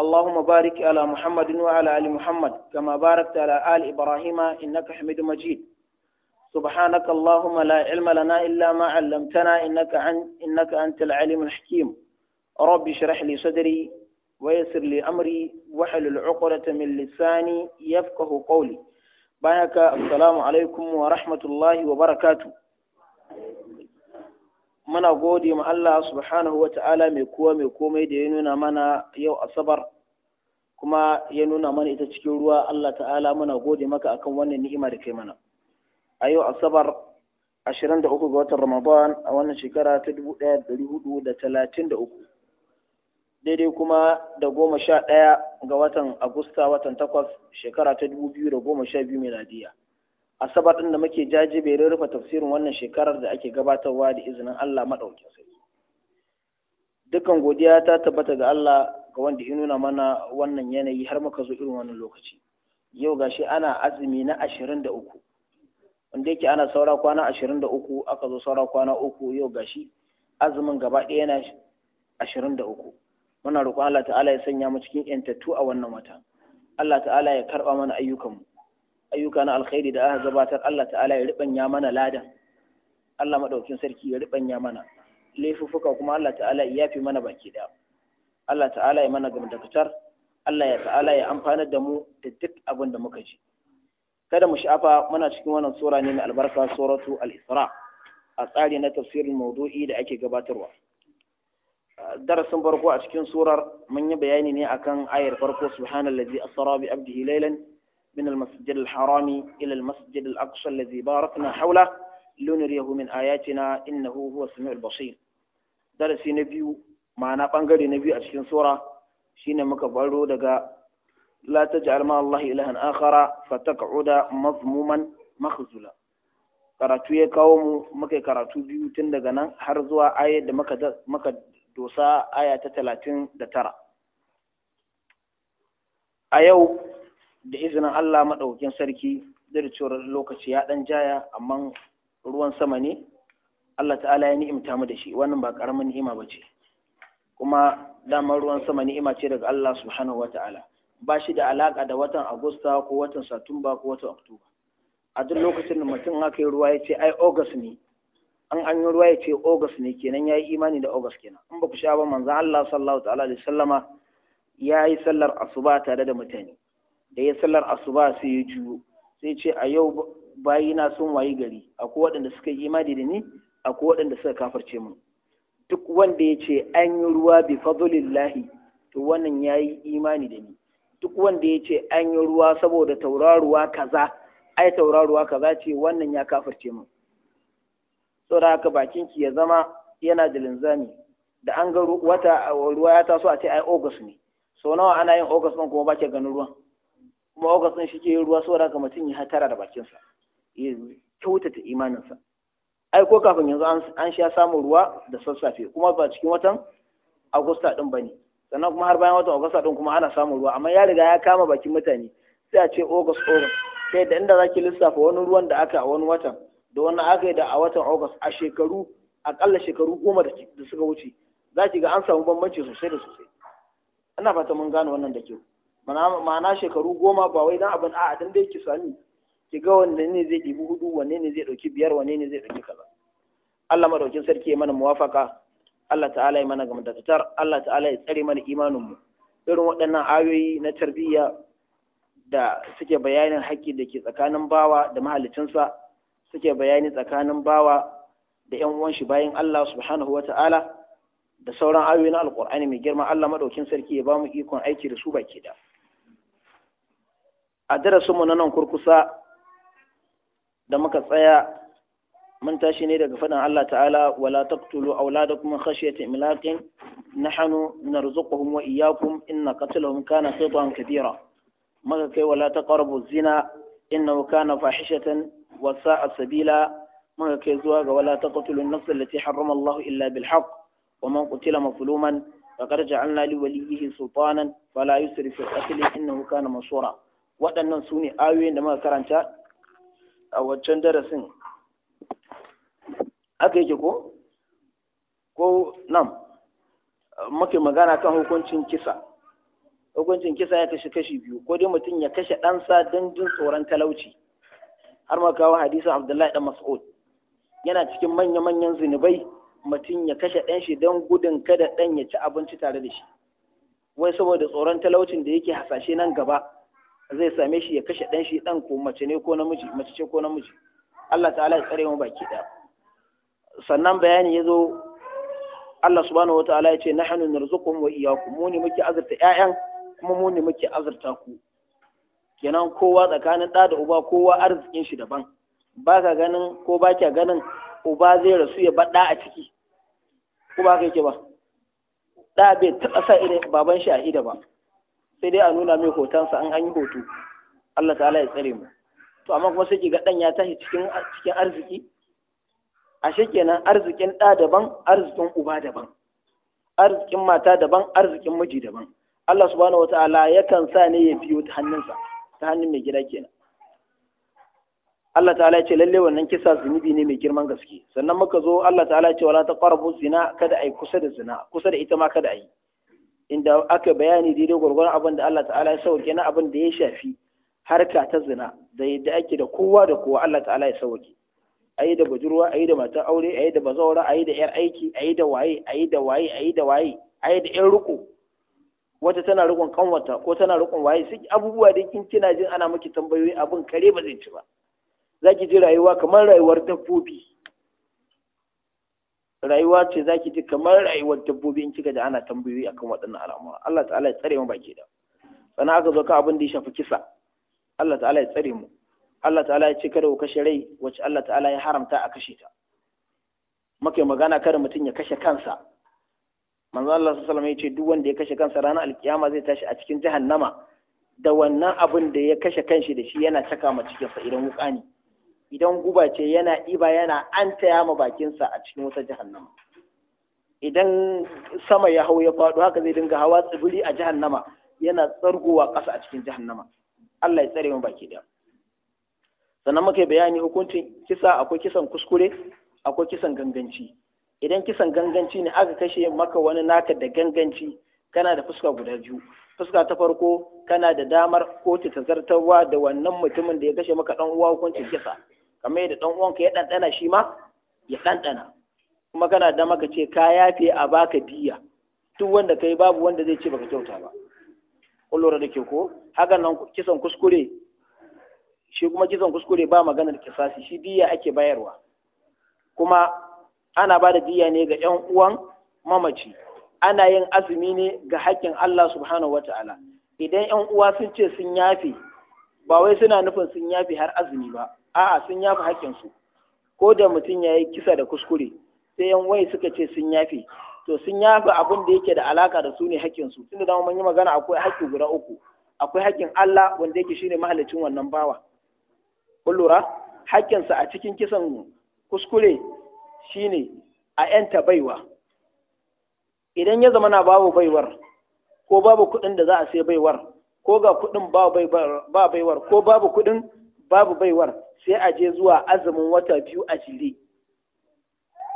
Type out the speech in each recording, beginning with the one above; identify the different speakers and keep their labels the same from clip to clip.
Speaker 1: اللهم بارك على محمد وعلى آل محمد كما باركت على آل إبراهيم إنك حميد مجيد سبحانك اللهم لا علم لنا إلا ما علمتنا إنك, عن إنك أنت العليم الحكيم رب اشرح لي صدري ويسر لي أمري واحلل عقدة من لساني يفقه قولي بارك السلام عليكم ورحمة الله وبركاته muna gode ma Allah subhanahu wa ta'ala mai kowa mai komai da ya nuna mana yau asabar kuma ya nuna mana ita cikin ruwa Allah ta'ala muna gode maka akan wannan ni'ima da kai mana a yau asabar 23 ga watan Ramadan a wannan shekara ta 1433 daidai kuma da goma sha ɗaya ga watan Agusta watan takwas shekara ta 2012 miladiya asabar ɗin da muke bai rufe tafsirin wannan shekarar da ake gabatarwa da izinin Allah maɗaukin sarki. Dukan godiya ta tabbata ga Allah ga wanda ya nuna mana wannan yanayi har muka zo irin wannan lokaci. Yau gashi ana azumi na ashirin da uku. Wanda yake ana saura kwana ashirin da uku aka zo saura kwana uku yau gashi azumin gaba ɗaya yana ashirin da uku. Muna roƙon Allah ta'ala ya sanya mu cikin ‘yantattu a wannan wata. Allah ta'ala ya karɓa mana ayyukanmu. ayyuka na alkhairi da aka gabatar Allah ta'ala ya riɓanya mana ladan Allah maɗaukin sarki ya riɓanya mana laifuffuka kuma Allah ta'ala ya fi mana baki da, Allah ta'ala ya mana dakatar, Allah ya ta'ala ya amfanar da mu da duk abin da muka ji kada mu sha'afa muna cikin wannan sura ne mai albarka suratu al-isra a tsari na tafsirin maudu'i da ake gabatarwa darasin farko a cikin surar mun yi bayani ne akan ayar farko subhanallazi asra bi abdihi laylan من المسجد الحرام إلى المسجد الأقصى الذي باركنا حوله لنريه من آياتنا إنه هو السميع البصير درس نبي معنا بانغري نبي أشكين سورة شين مكبرو دقا لا تجعل مع الله إلها آخر فتقعد مضموما مخزولا karatu ya kawo mu muka karatu biyu tun daga nan har zuwa ayar da muka dosa aya ta talatin da tara a yau da izinin Allah maɗaukin sarki zai cewar lokaci ya ɗan jaya amma ruwan sama ne Allah ta'ala ya ni'imta mu da shi wannan ba ƙaramin ni'ima ba ce kuma damar ruwan sama ni'ima ce daga Allah subhanahu wa ta'ala ba shi da alaƙa da watan Agusta ko watan Satumba ko watan Oktoba a duk lokacin da mutum aka yi ruwa ya ce ai August ne an an yi ruwa ya ce August ne kenan ya yi imani da August kenan in ba ku sha ba manzon Allah sallallahu ta'ala da sallama ya yi sallar asuba tare da mutane da ya sallar asuba sai ya juyo sai ce a yau bayina sun wayi gari akwai waɗanda suka yi imani da ni akwai waɗanda suka kafarce mu duk wanda ya ce an yi ruwa bi fadlillahi to wannan ya yi imani da ni duk wanda ya ce an yi ruwa saboda tauraruwa kaza ai tauraruwa kaza ce wannan ya kafarce mu saboda haka bakin ki ya zama yana da linzami da an ga wata ruwa ya taso a ce ai August ne so nawa ana yin August ɗin kuma ba ke ganin ruwan kuma wakatsin shi ke ruwa saboda haka mutum ya hatara da bakinsa ya kyautata imaninsa ai ko kafin yanzu an sha samun ruwa da sassafe kuma ba cikin watan agusta din ne. sannan kuma har bayan watan agusta din kuma ana samun ruwa amma ya riga ya kama bakin mutane sai a ce august august sai da inda zaki lissafa wani ruwan da aka a wani watan da wani aka yi da a watan august a shekaru akalla shekaru goma da suka wuce za ki ga an samu bambanci sosai da sosai ana fata mun gane wannan da kyau ma'ana shekaru goma ba wai dan abin a'a dan dai ki sani ki ga wanne ne zai ɗibi hudu wanne ne zai ɗauki biyar wanne ne zai ɗauki kaza Allah madaukin sarki ya mana muwafaka Allah ta'ala ya mana gamdakatar Allah ta'ala ya tsare mana imanin mu irin waɗannan ayoyi na tarbiyya da suke bayanin haƙƙi da ke tsakanin bawa da mahalicinsa suke bayani tsakanin bawa da ‘yan uwan shi bayan Allah subhanahu wata'ala da sauran ayoyi na alƙur'ani mai girma Allah madaukin sarki ya ba mu ikon aiki da su baki da. a darasinmu na nan kurkusa da muka tsaya mun tashi ne daga faɗin Allah ta'ala wala taqtulu auladakum khashyati imlaqin nahnu narzuquhum wa iyyakum inna qatlahum kana khitwan kabira maka kai wala taqrabu zina innahu kana fahishatan wa sa'a sabila maka kai zuwa ga wala taqtulu an-nafs allati harrama Allah illa bil haqq wa man qutila mazluman faqad ja'alna li waliyhi sultanan fala yusrif fil qatl innahu kana mansura waɗannan su ne ayoyin da muka karanta a waccan darasin aka yake ko ko nan muke magana kan hukuncin kisa hukuncin kisa ya kashe kashi biyu ko dai mutum ya kashe ɗansa don jin tsoron talauci har ma kawo hadisin abdullahi dan mas'ud yana cikin manya-manyan zunubai mutum ya kashe ɗan shi don gudun kada ɗan ya ci abinci tare da shi wai saboda tsoron talaucin da yake hasashe nan gaba zai same shi ya kashe dan shi dan ko mace ne ko namiji mace ce ko namiji Allah ta'ala ya tsare mu baki ɗaya. sannan bayani ya zo Allah subhanahu wa ta'ala ya ce nahnu narzuquhum wa iyyakum mu ne muke azurta ƴaƴan kuma mu ne muke azurta ku kenan kowa tsakanin ɗa da uba kowa arzikin shi daban ba ka ganin ko ba ka ganin uba zai rasu ya baɗa a ciki ko ba ka yake ba ɗa bai taɓa sa irin baban shi a ida ba sai dai a nuna mai hotonsa an an yi hoto Allah ta'ala ya tsare mu to amma kuma sai ki ga dan ya tashi cikin cikin arziki ashe kenan arzikin ɗa daban arzikin uba daban arzikin mata daban arzikin miji daban Allah subhanahu wata'ala yakan sa ne ya biyo ta hannunsa ta hannun mai gida kenan Allah ta'ala ya ce lalle wannan kisa zunubi ne mai girman gaske sannan muka zo Allah ta'ala ya ce wala taqrabu zina kada ai kusa da zina kusa da ita ma kada ai inda aka bayani daidai gwargwaron abin da Allah ta'ala ya sauke na abin da ya shafi harka ta zina da yadda ake da kowa da kowa Allah ta'ala ya sauke ayi da budurwa ayi da matan aure ayi da bazawara ayi da yar aiki ayi da waye ayi da waye ayi da waye ayi da yan riko wata tana rikon kanwata ko tana rikon waye su abubuwa da kin kina jin ana miki tambayoyi abin kare ba zai ci ba zaki ji rayuwa kamar rayuwar dabbobi rayuwa ce zaki ji kamar rayuwar dabbobi in kika da ana tambayoyi akan waɗannan al'amura Allah ta'ala ya tsare mu baki da sannan aka zo ka abin da ya shafi kisa Allah ta'ala ya tsare mu Allah ta'ala ya ce kada ku kashe rai wacce Allah ta'ala ya haramta a kashe ta muke magana kada mutum ya kashe kansa manzo Allah sallallahu alaihi ya ce duk wanda ya kashe kansa ranar alkiyama zai tashi a cikin jahannama da wannan abin da ya kashe kanshi da shi yana caka ma sa idan wuƙa ne idan guba ce yana ɗiba yana an taya ma bakinsa a cikin wata jahannama idan sama ya hau ya faɗo haka zai dinga hawa tsibiri a jahannama yana tsargowa ƙasa a cikin jahannama Allah ya tsare mu baki da sannan muka bayani hukuncin kisa akwai kisan kuskure akwai kisan ganganci idan kisan ganganci ne aka kashe maka wani naka da ganganci kana da fuska guda biyu fuska ta farko kana da damar kotu ta zartarwa da wannan mutumin da ya kashe maka dan uwa hukuncin kisa kamar yadda ɗan uwanka ya ɗanɗana shi ma ya ɗanɗana kuma kana da maka ce ka yafe a baka diya duk wanda kai babu wanda zai ce baka kyauta ba kullura da ke ko haka nan kisan kuskure shi kuma kisan kuskure ba maganar kisasi shi diya ake bayarwa kuma ana ba da diya ne ga yan uwan mamaci ana yin azumi ne ga haƙƙin Allah subhanahu wataala idan yan uwa sun ce sun yafe ba wai suna nufin sun yafe har azumi ba a'a sun yafi haƙƙinsu ko da mutum ya yi kisa da kuskure sai yan wai suka ce sun yafe to sun yafe abin da yake da alaka da su ne haƙƙinsu tun da dama mun yi magana akwai haƙƙi guda uku akwai haƙƙin Allah wanda yake shine mahallacin wannan bawa kun lura haƙƙinsa a cikin kisan kuskure shine a yanta baiwa idan ya zama na babu baiwar ko babu kuɗin da za a sai baiwar ko ga kuɗin ba baiwar ko babu kuɗin babu baiwar sai a je zuwa azumin wata biyu a jire.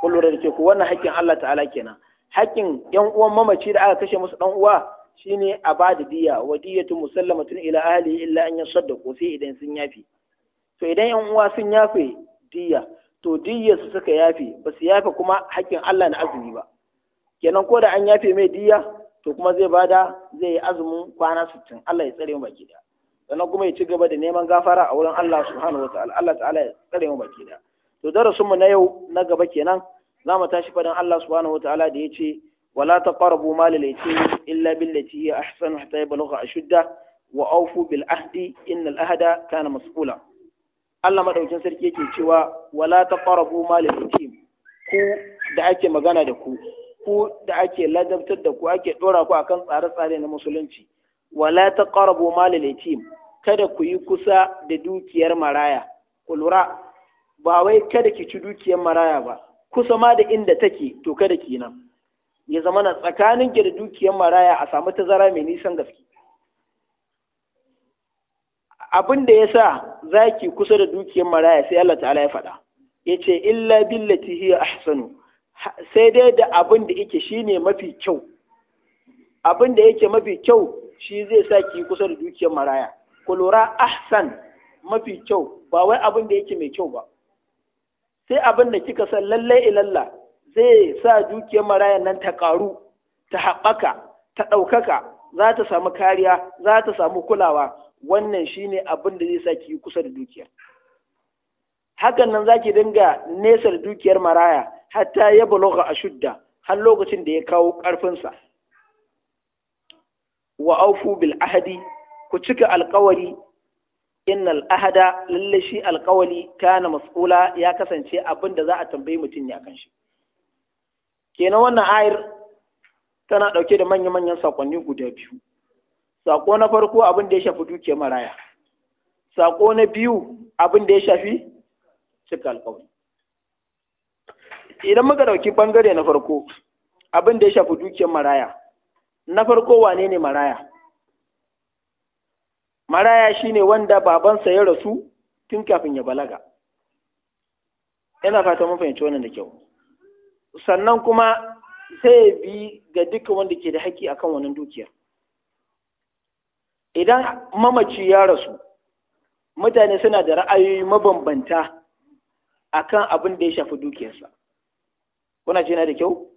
Speaker 1: ku lura da ke ku wannan hakkin Allah ta'ala kenan hakkin ƴan uwan mamaci da aka kashe musu ɗan uwa shine a ba da diya wa diyatu musallamatun ila ahli illa an yasaddaqu sai idan sun yafi to idan ƴan uwa sun yafe diya to diyya su suka yafe ba su yafe kuma hakkin Allah na azumi ba kenan ko da an yafe mai diya to kuma zai bada zai yi azumin kwana sittin Allah ya tsare mu baki daya sannan kuma ya ci gaba da neman gafara a wurin Allah subhanahu wa ta'ala Allah ta'ala ya tsare mu baki da to darasin mu na yau na gaba kenan za mu tashi fadan Allah subhanahu wa ta'ala da yace wala taqrabu mal laiti illa billati hiya ahsan hatta yablugha ashudda wa awfu bil ahdi innal ahda kana mas'ula Allah madaukin sarki yake cewa wala taqrabu mal laiti ku da ake magana da ku ku da ake ladabtar da ku ake dora ku akan tsare-tsare na musulunci wala taqrabu malal yatim kada ku yi kusa da dukiyar maraya ku ba wai kada ki ci dukiyar maraya ba kusa ma da inda take to kada ki nan ya zama na tsakanin ki da dukiyar maraya a samu tazara mai nisan gaske abin da yasa zaki kusa da dukiyar maraya sai Allah ta'ala ya faɗa yace illa billati hiya ahsanu sai dai da abin da yake shine mafi kyau abin da yake mafi kyau shi zai sa ki kusa da dukiyar maraya ku lura ahsan mafi kyau ba wai abin da yake mai kyau ba sai abin da kika san lallai ilalla zai sa dukiyar maraya nan ta karu ta haɓaka ta ɗaukaka za ta samu kariya za ta samu kulawa wannan shine abin da zai sa ki kusa da dukiyar hakan nan zaki dinga nesa da dukiyar maraya hatta ya a shudda, har lokacin da ya kawo ƙarfinsa. wa aufu bil ahadi ku cika alkawari innal ahada lalle shi alkawari kana mas'ula ya kasance abin da za a tambayi mutum ya kan shi kenan wannan ayar tana dauke da manya-manyan sakonni guda biyu sako na farko abin da ya shafi duke maraya sako na biyu abin da ya shafi cika alkawari idan muka ɗauki bangare na farko abin da ya shafi duke maraya na farko wane ne maraya maraya shine wanda babansa ya rasu tun kafin ya balaga yana fata mun fahimci wannan da kyau sannan kuma sai ya bi ga duka wanda ke da haƙƙi akan wannan dukiyar idan mamaci ya rasu mutane suna da ra'ayoyi mabambanta akan abin da ya shafi dukiyarsa kuna ce na da kyau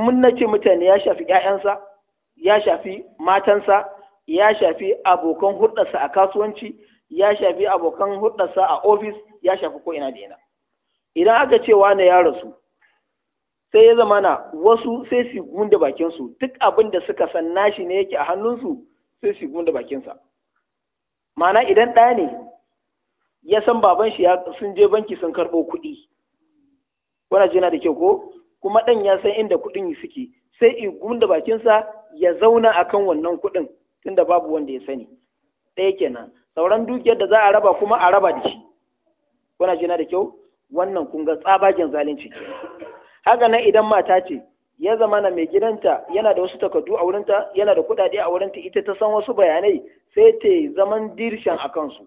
Speaker 1: mun na ce mutane ya shafi ‘ya'yansa, ya shafi matansa, ya shafi abokan hulɗarsa a kasuwanci, ya shafi abokan hulɗarsa a ofis, ya shafi ko ina da ina. Idan aka ce wane ya rasu, sai ya zamana wasu sai su gunda bakinsu duk abin da suka san nashi ne yake a hannunsu sai su gunda bakinsa. Mana idan ɗaya ne ya san baban shi sun je banki sun karɓo kuɗi. Wannan jina da kyau ko? kuma ɗan ya san inda kuɗin suke sai igun da bakinsa ya zauna akan wannan kuɗin tunda babu wanda ya sani ɗaya kenan sauran dukiyar da za a raba kuma a raba da shi kuna jina da kyau wannan kun ga tsabagen zalunci haka nan idan mata ce ya zama na mai gidanta yana da wasu takardu a wurinta yana da kuɗaɗe a wurinta ita ta san wasu bayanai sai ta zaman dirshan a kansu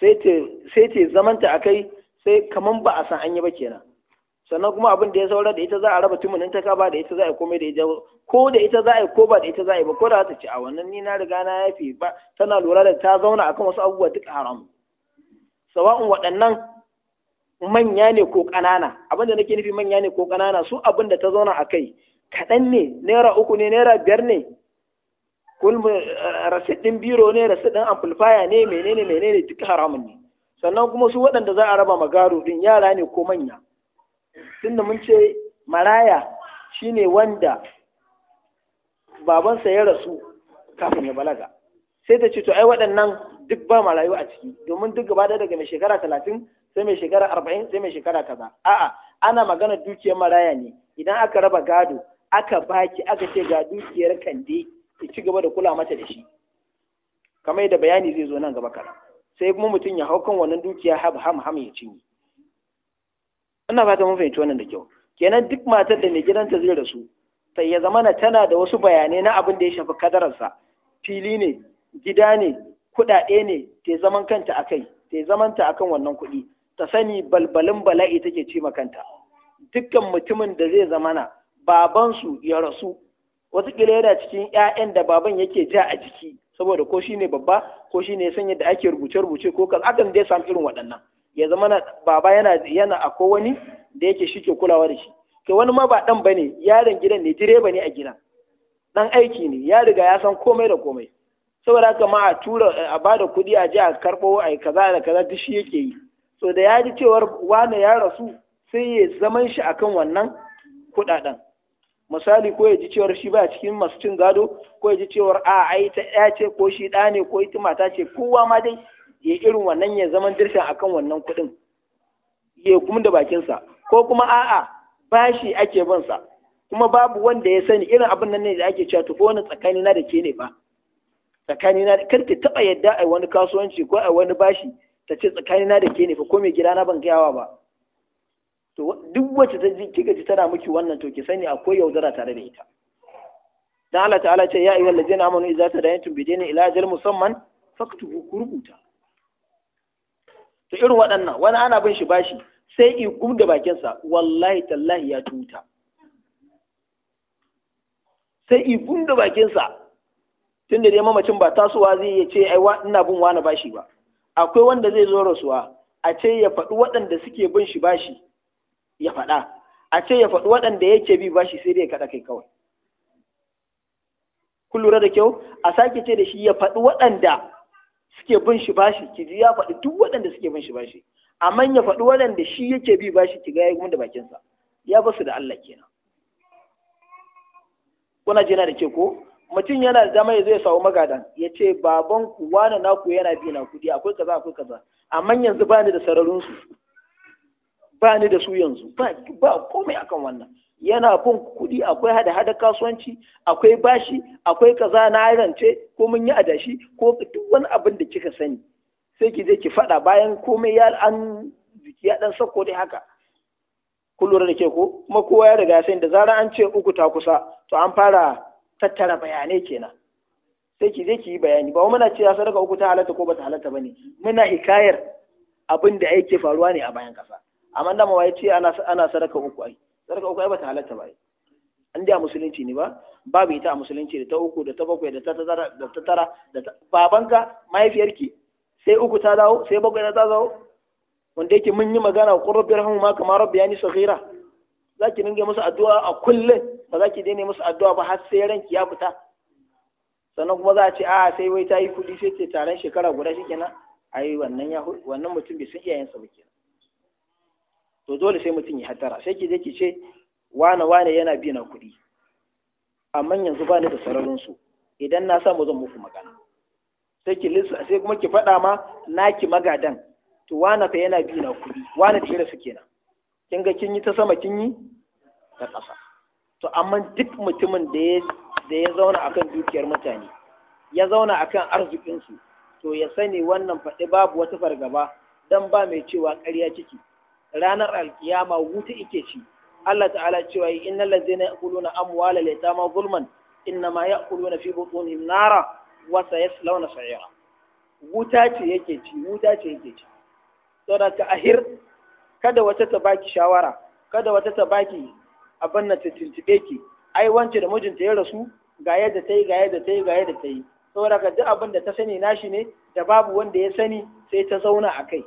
Speaker 1: sai ta zamanta a kai sai kaman ba a san an yi ba kenan sannan kuma abin da ya saura da ita za a raba tumunin ta kaba da ita za a yi komai da ita ko da ita za a yi ko ba da ita za a yi ba ko da ta ci a wannan ni na riga na yafi ba tana lura da ta zauna akan wasu abubuwa duk haram sawa'un waɗannan manya ne ko ƙanana abin da nake nufi manya ne ko ƙanana su abin da ta zauna a kai kaɗan ne naira uku ne naira biyar ne kulmu eh, rasid ɗin biro ne rasid ɗin amplifier ne menene menene duk haramun ne sannan kuma su waɗanda za a raba magaro ɗin yara ne ko manya tunda mun ce maraya shine wanda babansa ya rasu kafin ya balaga sai ta ce to ai waɗannan duk ba marayu a ciki domin duk gaba daga mai shekara talatin sai mai shekara arba'in sai mai shekara kaza a'a ana magana dukiyar maraya ne idan aka raba gado aka baki aka ce ga dukiyar kande ki ci gaba da kula mata da shi kamar yadda bayani zai zo nan gaba kaɗan sai kuma mutum ya hau kan wannan dukiya hab ham ham ya cinye ina fata mun fahimci wannan da kyau kenan duk matar da mai gidanta zai rasu sai ya zamana tana da wasu bayanai na abin da ya shafi kadararsa fili ne gida ne kuɗaɗe ne ta zaman kanta a kai. ta zamanta akan wannan kuɗi ta sani balbalin bala'i take ci kanta dukkan mutumin da zai zamana babansu ya rasu watakila yana cikin 'ya'yan da baban yake ja a jiki saboda ko shi ne babba ko shi shine san yadda ake rubuce-rubuce ko kan akan dai samu irin waɗannan ya zama na baba yana yana akwai wani da yake shi ke kulawa da shi ke wani ma ba dan bane yaron gidan ne direba ne a gidan dan aiki ne ya riga ya san komai da komai saboda haka ma a tura a bada kuɗi a je a karɓo a kaza da kaza duk shi yake yi so da ya ji cewar wani ya rasu sai ya zaman shi akan wannan kuɗaɗen misali ko ya ji cewar shi ba cikin masu cin gado ko ya ji cewar a ai ta ya ce ko shi ɗa ne ko ita mata ce kowa ma dai ya irin wannan ya zaman a akan wannan kuɗin ya kuma da bakinsa ko kuma a'a bashi ake bansa kuma babu wanda ya sani irin abin nan ne da ake cewa to wani tsakani na da ke ne ba tsakani na kar karki taba yadda a wani kasuwanci ko ai wani bashi ta ce tsakani na da ke ne ba, ko mai gida na ban gayawa ba to duk wacce ta ji kika ji tana miki wannan to ki sani akwai yaudara tare da ita dan Allah ta'ala ce ya ayyuhal ladzina amanu idza tadayantum bidaynin ila ajalin musamman faktubu ku rubuta to irin waɗannan wani ana bin shi bashi sai i gumda bakinsa wallahi tallahi ya tuta sai i gumda bakinsa tunda dai mamacin ba tasowa zai ya ce ai ina bin wani bashi ba akwai wanda zai zo rasuwa a ce ya faɗi waɗanda suke bin shi bashi ya faɗa a ce ya faɗi waɗanda yake bi bashi sai dai ya kaɗa kai kawai kun lura da kyau a sake ce da shi ya faɗi waɗanda suke bin shi bashi ki ji ya faɗi duk waɗanda suke bin shi bashi amma ya faɗi waɗanda shi yake bi bashi ki ga ya da bakin sa ya ba su da Allah kenan kuna jina da ke ko mutum yana da dama ya zai samu magadan ya ce baban ku wani naku yana bi na kudi akwai kaza akwai kaza amma yanzu bani da sararin su ba ni da su yanzu ba ba komai akan wannan yana bin kuɗi akwai hada hada kasuwanci akwai bashi akwai kaza na rance ko mun yi adashi ko duk wani abin da kika sani sai ki je ki faɗa bayan komai ya an ya dan sako dai haka kun lura da ke ko kuma kowa ya riga sai da zarar an ce uku ta kusa to an fara tattara bayanai kenan sai ki je ki yi bayani ba muna ce ya sadaka uku ta halatta ko ba ta halatta bane muna hikayar abin da yake faruwa ne a bayan kasa amma da ma ce ana ana sadaka uku ai sadaka uku ai bata halatta ba ai an da musulunci ne ba babu ita a musulunci da ta uku da ta bakwai da ta tara da ta tara da babanka mahaifiyarki sai uku ta dawo sai bakwai ta dawo wanda yake mun yi magana qur rabbi kamar rabbi yani saghira zaki dinga musu addu'a a kullum ba za ki daina musu addu'a ba har sai ranki ya fita sannan kuma za a ce a sai wai ta yi kuɗi sai ce taron shekara guda kenan ai wannan ya wannan mutum bai san iyayensa ba kenan to dole sai mutum ya haddara, sai ke je ce wane wane yana biyan kuɗi amma yanzu ba ni da sararin su idan na samu zan muku magana sai ki lissa sai kuma ki faɗa ma naki magadan to wane fa yana biyan kuɗi wane da irin su kenan kin ga kin yi ta sama kin yi ta ƙasa to amma duk mutumin da ya da ya zauna akan dukiyar mutane ya zauna akan arzikinsu to ya sani wannan faɗi babu wata fargaba dan ba mai cewa ƙarya ciki ranar alkiyama wuta ike ci Allah ta'ala cewa innal ladzina yaquluna amwala litama yatama zulman innama yaquluna fi butunihim nara wa sayaslawna sa'ira wuta ce yake ci wuta ce yake ci saboda ka ahir kada wata ta baki shawara kada wata ta baki abin nan ta tuntube ki ai wance da mijinta ya rasu ga yadda ta yi ga yadda ta yi ga yadda ta yi saboda ka duk abin da ta sani nashi ne da babu wanda ya sani sai ta zauna a kai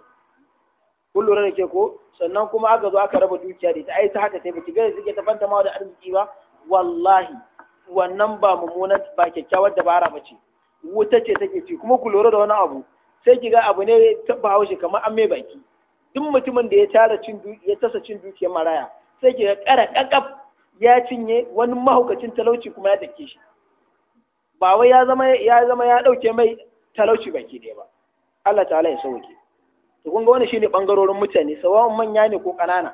Speaker 1: kun lura da ke ko sannan kuma aka zo aka raba dukiya da ita ai ta haka sai ba, ga suke ta fanta ma da arziki ba wallahi wannan ba mummunan ba kyakkyawar dabara ba ce wuta ce take ci kuma ku lura da wani abu sai ki ga abu ne ta bahaushe kamar an mai baki duk mutumin da ya tara cin ya tasa cin dukiyar maraya sai ki ga kara kakaf ya cinye wani mahaukacin talauci kuma ya dake shi ba wai ya zama ya zama ya dauke mai talauci baki ne ba Allah ta'ala ya sauke to kun ga wani shine bangarorin mutane sawawan manya ne ko ƙanana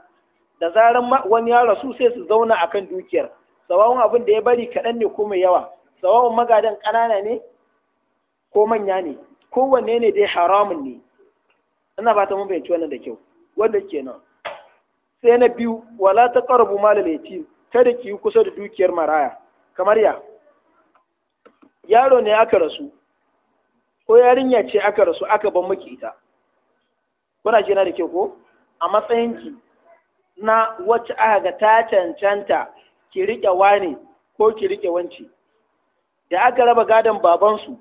Speaker 1: da zaran wani ya rasu sai su zauna akan dukiyar sawawan abin da ya bari kaɗan ne ko mai yawa sawawan magadan ƙanana ne ko manya ne kowanne ne dai haramun ne ina fata mun fahimci wannan da kyau wanda kenan sai na biyu wala ta qarabu malal yatim kada ki kusa da dukiyar maraya kamar ya yaro ne aka rasu ko yarinya ce aka rasu aka ban maki ita kuna na da ke ko a matsayinki na wacce aka ga ta cancanta ki rike wane ko ki rike wanci. da aka raba gadon babansu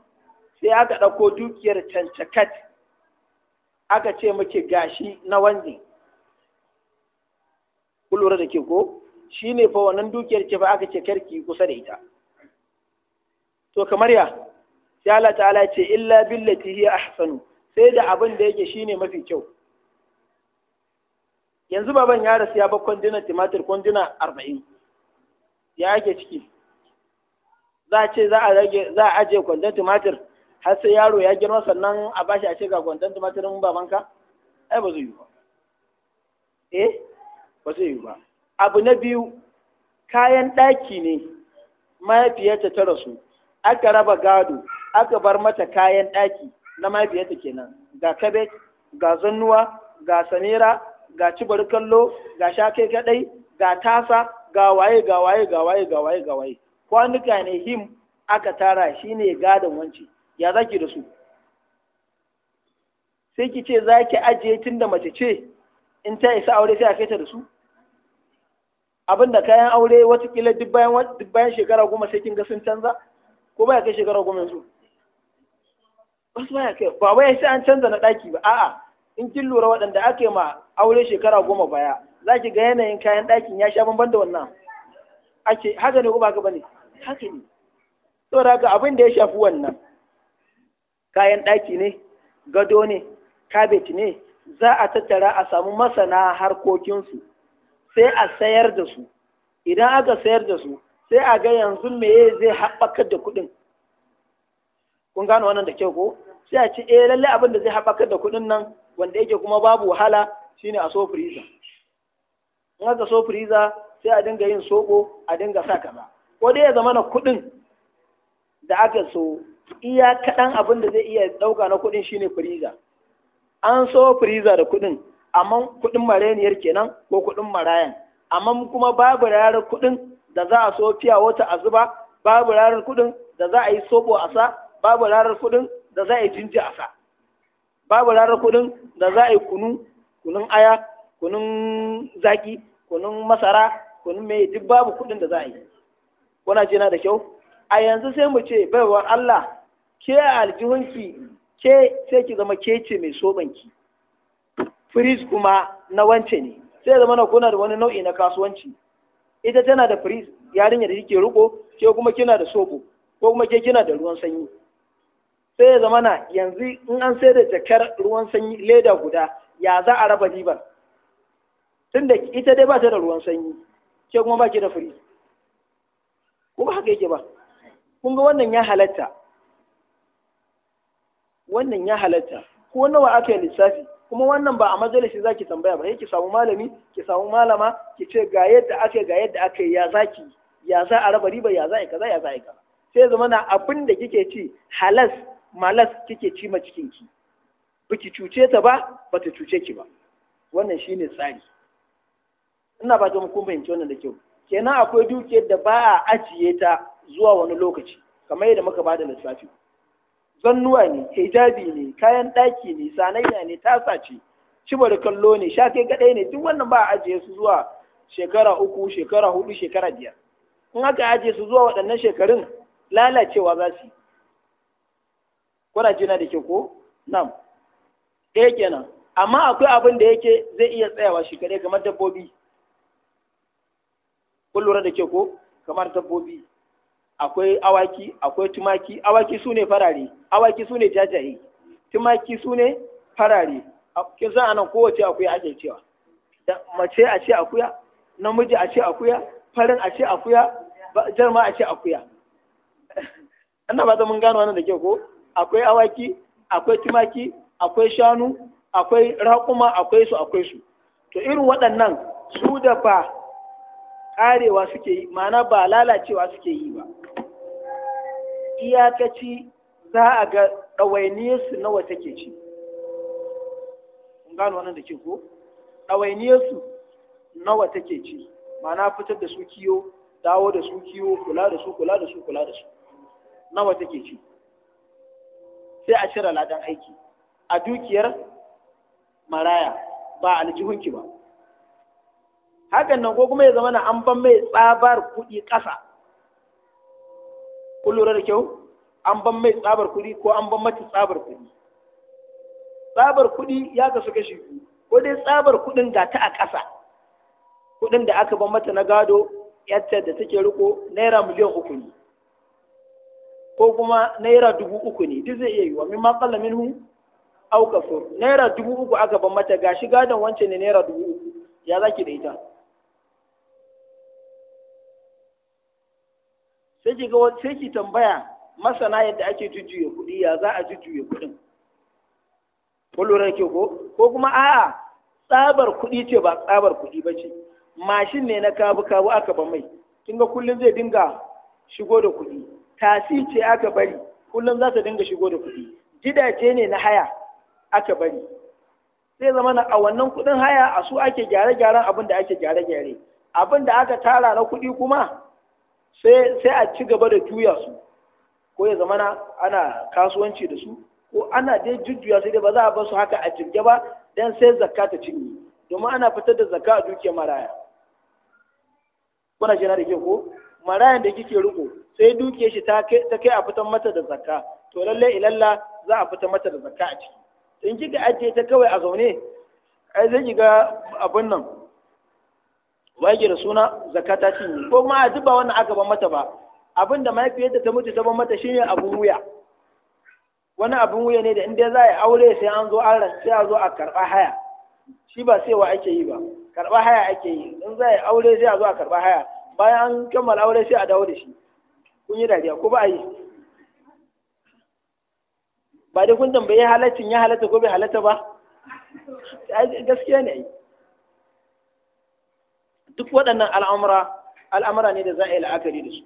Speaker 1: sai aka ɗauko dukiyar cancakat aka ce muke gashi na wanne kulura da ke ko shi ne fa wannan dukiyar ce fa aka ce karki kusa da ita to kamar ya sai Allah ta'ala ce illa billati hiya ahsanu sai da abin da yake shine mafi kyau yanzu baban ya rasu ya bar kwandina timatir kwandina arba'in ya ake ciki za a ce za a rage za a ajiye kwandon timatir har sai yaro ya girma sannan a bashi a ce ga kwandon timatirin babanka ai ba zai yi ba eh ba zai yi ba abu na biyu kayan ɗaki ne mahaifiyarta ta rasu aka raba gado aka bar mata kayan ɗaki na mahaifiyarta kenan ga kabej ga zannuwa ga samira ga cibar kallo ga sha kaɗai, kadai ga tasa ga waye ga waye ga waye ga waye ga waye kwanuka ne him aka tara shine gadon wanci ya zaki da su sai ki ce za ki ajiye tun da mace ce in ta isa aure sai a kai ta da su abinda kayan aure watakila duk bayan shekara goma sai kin ga sun canza ko baya kai shekara goma yanzu wasu ya ba wai sai an canza na ɗaki ba a'a in kin lura waɗanda ake ma aure shekara goma baya za ki ga yanayin kayan ɗakin ya sha bamban da wannan ake haka ne ko ba ka bane haka ne saboda ga abin da ya shafi wannan kayan ɗaki ne gado ne kabet ne za a tattara a samu masana harkokinsu sai a sayar da su idan aka sayar da su sai a ga yanzu meye zai haɓaka da kuɗin kun gano wannan da kyau ko sai a ce eh lalle abin da zai haɓakar da kuɗin nan wanda yake kuma babu wahala shine a so freezer in aka so freezer sai a dinga yin soko a dinga sa kaza ko dai ya zama na kuɗin da aka so iya kaɗan abin da zai iya ɗauka na kuɗin shine freezer an so freezer da kuɗin amma kuɗin mareniyar kenan ko kuɗin marayan amma kuma babu rayar kuɗin da za a so fiya wata a zuba babu rayar kuɗin da za a yi sobo a sa babu ranar kuɗin da za a yi jinji a sa babu ranar kuɗin da za a yi kunu kunun aya kunun zaki kunun masara kunun mai duk babu kuɗin da za a yi kuna jina da kyau a yanzu sai mu ce baiwar Allah ke aljihunki ke sai ki zama ke mai sobanki firis kuma na wance ne sai zama na kuna da wani nau'i na kasuwanci ita tana da freeze Yarinyar da kike riko ke kuma kina da sobo ko kuma ke kina da ruwan sanyi sai ya zama na yanzu in an sai da jakar ruwan sanyi leda guda ya za a raba ribar da ita dai ba ta da ruwan sanyi ke kuma ba ki da firi ko ba haka yake ba kun ga wannan ya halatta wannan ya halatta ko nawa aka yi lissafi kuma wannan ba a majalisi za ki tambaya ba ki samu malami ki samu malama ki ce ga yadda aka ga yadda aka ya za ki ya za a raba riba ya za a kaza ya za a kaza sai zama na abin da kike ci halas malas kike ci ma ki? biki cuce ta ba ba ta cuce ki ba wannan shine tsari ina ba don kun fahimci wannan da kyau kenan akwai dukiyar da ba a ajiye ta zuwa wani lokaci kamar yadda muka bada lissafi zannuwa ne hijabi ne kayan ɗaki ne sanayya ne tasa ce cibar kallo ne shakai kaɗai ne duk wannan ba a ajiye su zuwa shekara uku shekara hudu shekara biyar in aka ajiye su zuwa waɗannan shekarun lalacewa za su yi kuna jina da ke ko nan ɗaya eh, kenan amma akwai abin da yake zai iya tsayawa shi kare kamar dabbobi kun lura da ke ko kamar dabbobi akwai awaki akwai tumaki awaki su ne farare awaki su ne jajaye tumaki su ne farare kin san anan kowace akuya ake cewa mace a ce akuya namiji a ce akuya farin a ce akuya jar ma a ce akuya ana ba ta mun gano wannan da ke ko akwai awaki akwai tumaki akwai shanu akwai raƙuma akwai su akwai su to irin waɗannan su da ba ƙarewa suke yi mana ba lalacewa suke yi ba iyakaci za a ga ɗawainiyarsu nawa take ci kun gano wannan da ke ko ɗawainiyarsu nawa take ci Mana fitar da su kiyo dawo da su kiyo kula da su kula da su kula da su nawa take ci sai a cire ladan aiki a dukiyar maraya ba aljihunki ba hakan nan ko kuma ya zama na an ban mai tsabar kuɗi ƙasa kun da kyau an ban mai tsabar kuɗi ko an ban mata tsabar kuɗi tsabar kuɗi ya kasu kashi biyu ko dai tsabar kuɗin ga ta a ƙasa kuɗin da aka ban mata na gado yadda da take riko naira miliyan uku ne ko kuma naira dubu uku ne duk zai iya yiwa min ma qalla minhu aw kasur naira dubu uku aka ban mata gashi gadon wancan ne naira dubu uku ya zaki da ita sai ki ga sai ki tambaya masana yadda ake jujjuya kuɗi ya za a jujjuya kuɗin ko lura ke ko ko kuma a'a tsabar kuɗi ce ba tsabar kuɗi ba ce mashin ne na kabu kabu aka ban mai kin ga kullum zai dinga shigo da kuɗi tasi ce aka bari kullum za ta dinga shigo da kuɗi gidaje ne na haya aka bari sai zama na a wannan kuɗin haya a su ake gyare-gyaren abin da ake gyare-gyare abin da aka tara na kuɗi kuma sai a ci gaba da juya su ko ya zama ana kasuwanci da su ko ana dai jujjuya sai dai ba za a bar su haka a jirge ba dan sai zakka ta cinye domin ana fitar da zakka a dukiyar maraya kuna jina da ke ko marayan da kike riko sai dukiyar shi ta kai a fitan mata da zakka to lalle ilalla za a fita mata da zakka a ciki in kika ajiye ta kawai a zaune ai zai kiga ga abin nan waje da suna zakka ta cinye ko ma a duba wannan aka ban mata ba abin da mahaifiyarta ta mutu ta ban mata shine abun wuya wani abin wuya ne da inda za a yi aure sai an zo an sai a zo a karɓa haya shi ba sai wa ake yi ba karɓa haya ake yi in za a yi aure sai a zo a karɓa haya bayan an kammala aure sai a dawo da shi kun yi dariya ko ba a yi ba dai kun tambaye halaccin ya halatta ko bai halatta ba gaskiya ne ai duk waɗannan al'amura al'amura ne da za a yi la'akari da su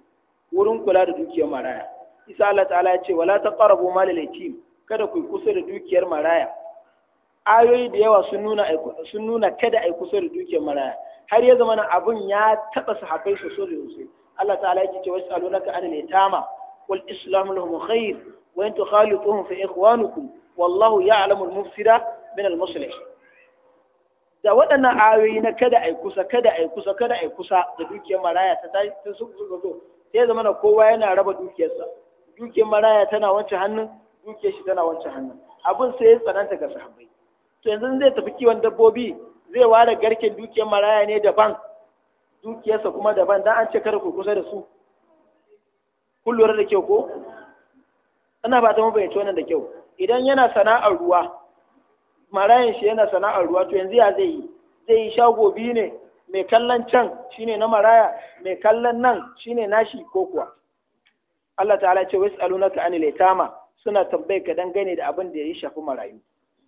Speaker 1: wurin kula da dukiyar maraya isa Allah ta'ala ya ce wala taqrabu mal al-yatim kada ku kusa da dukiyar maraya ayoyi da yawa sun nuna sun nuna kada ai kusa da dukiyar maraya har ya zama abun ya taɓa sahabbai sosai da sosai Allah ta'ala yake cewa yas'alunaka anil tama wal islamu lahum khair wa in tukhalifuhum fa ikhwanukum wallahu ya'lamu al-mufsida min al-muslih da waɗannan ayoyi na kada ai kusa kada ai kusa kada ai kusa da dukiyar maraya ta tashi ta su zo sai zama kowa yana raba dukiyarsa dukiyar maraya tana wancan hannun dukiyar shi tana wancan hannun abin sai ya tsananta ga sahabbai to yanzu zai tafi kiwon dabbobi zai ware garken dukiyar maraya ne daban dukiyarsa kuma daban dan an ce kada ku kusa da su kun da kyau ko ana ba ta mu bayyana wannan da kyau idan yana sana'ar ruwa marayan shi yana sana'ar ruwa to yanzu ya zai yi zai yi shago biyu ne mai kallon can shine na maraya mai kallon nan shine nashi ko kuwa Allah ta'ala ce wasu alunaka ka anilaitama suna tambayi ka dangane da abin da ya shafi marayu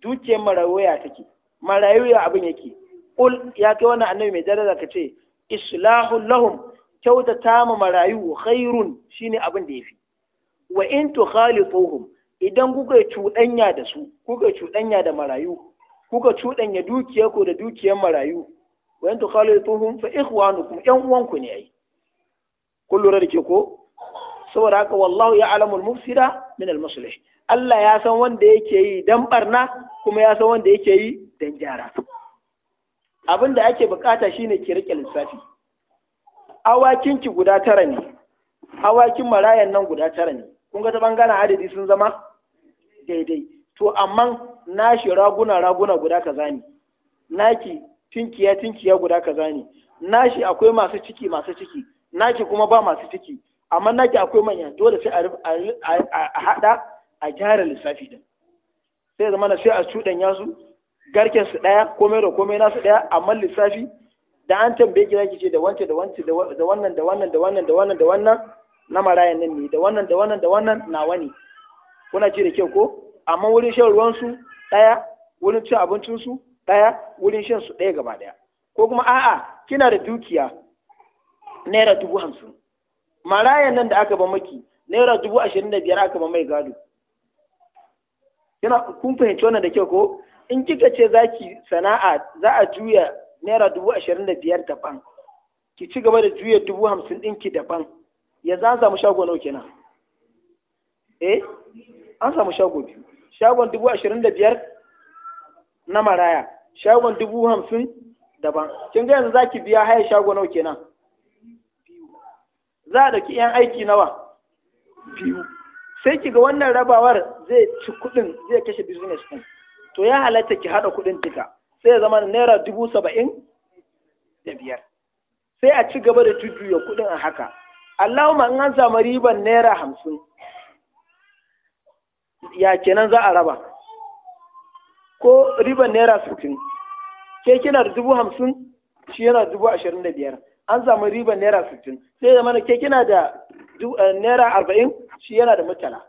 Speaker 1: dukiyar marayu take marayu ya abin yake ul ya kai wannan annabi mai daraja ka ce islahul lahum kyautata ma marayu khairun shine abin da yafi wa in tukhalituhum idan kuka cuɗanya da su kuka cuɗanya da marayu kuka cuɗanya dukiyar ko da dukiyar marayu wa in tukhalituhum fa ikhwanukum yan uwanku ne ai kun lura da ke ko saboda haka wallahu ya alamul mufsida min al Allah ya san wanda yake yi dan barna kuma ya san wanda yake yi Dan gyara abin da ake bukata shine ki rike lissafi awakin ki guda tara ne awakin marayan nan guda tara ne kun ga ta bangaren adadi sun zama daidai to amma nashi raguna raguna guda kaza ne naki tinkiya tinkiya guda kaza ne nashi akwai masu ciki masu ciki naki kuma ba masu ciki amma naki akwai manya dole sai a hada a gyara lissafi din sai zama sai a cuɗanya su garken su ɗaya komai da komai nasu ɗaya amma lissafi da an tambaye ki zaki ce da wance da wance da wannan da wannan da wannan da wannan da wannan na marayan nan ne da wannan da wannan da wannan na wani kuna ce da kyau ko amma wurin shan ruwan su ɗaya wurin cin abincin su ɗaya wurin shan su ɗaya gaba ɗaya ko kuma a'a kina da dukiya naira dubu hamsin marayan nan da aka ba maki naira dubu ashirin da biyar aka ba mai gado kina kun fahimci wannan da kyau ko in kika ce za ki sana'a za a juya naira dubu ashirin da biyar daban ki ci gaba da juya dubu hamsin ɗinki daban ya za an samu shago nawa kenan eh an samu shago biyu shagon dubu ashirin da biyar na maraya shagon dubu hamsin daban kin ga yanzu za ki biya haya shago nawa kenan za a ɗauki 'yan aiki nawa biyu sai ki ga wannan rabawar zai ci kuɗin zai kashe business ɗin to ya halatta ki haɗa kuɗin duka sai ya zama naira dubu saba'in da biyar sai a ci gaba da jujjuya kuɗin a haka allahumma in an samu riban naira hamsin ya kenan za a raba ko riban naira sittin ke kina da dubu hamsin shi yana dubu ashirin da biyar an samu riban naira sittin sai zama ke kina da eh, naira arba'in shi yana da mutala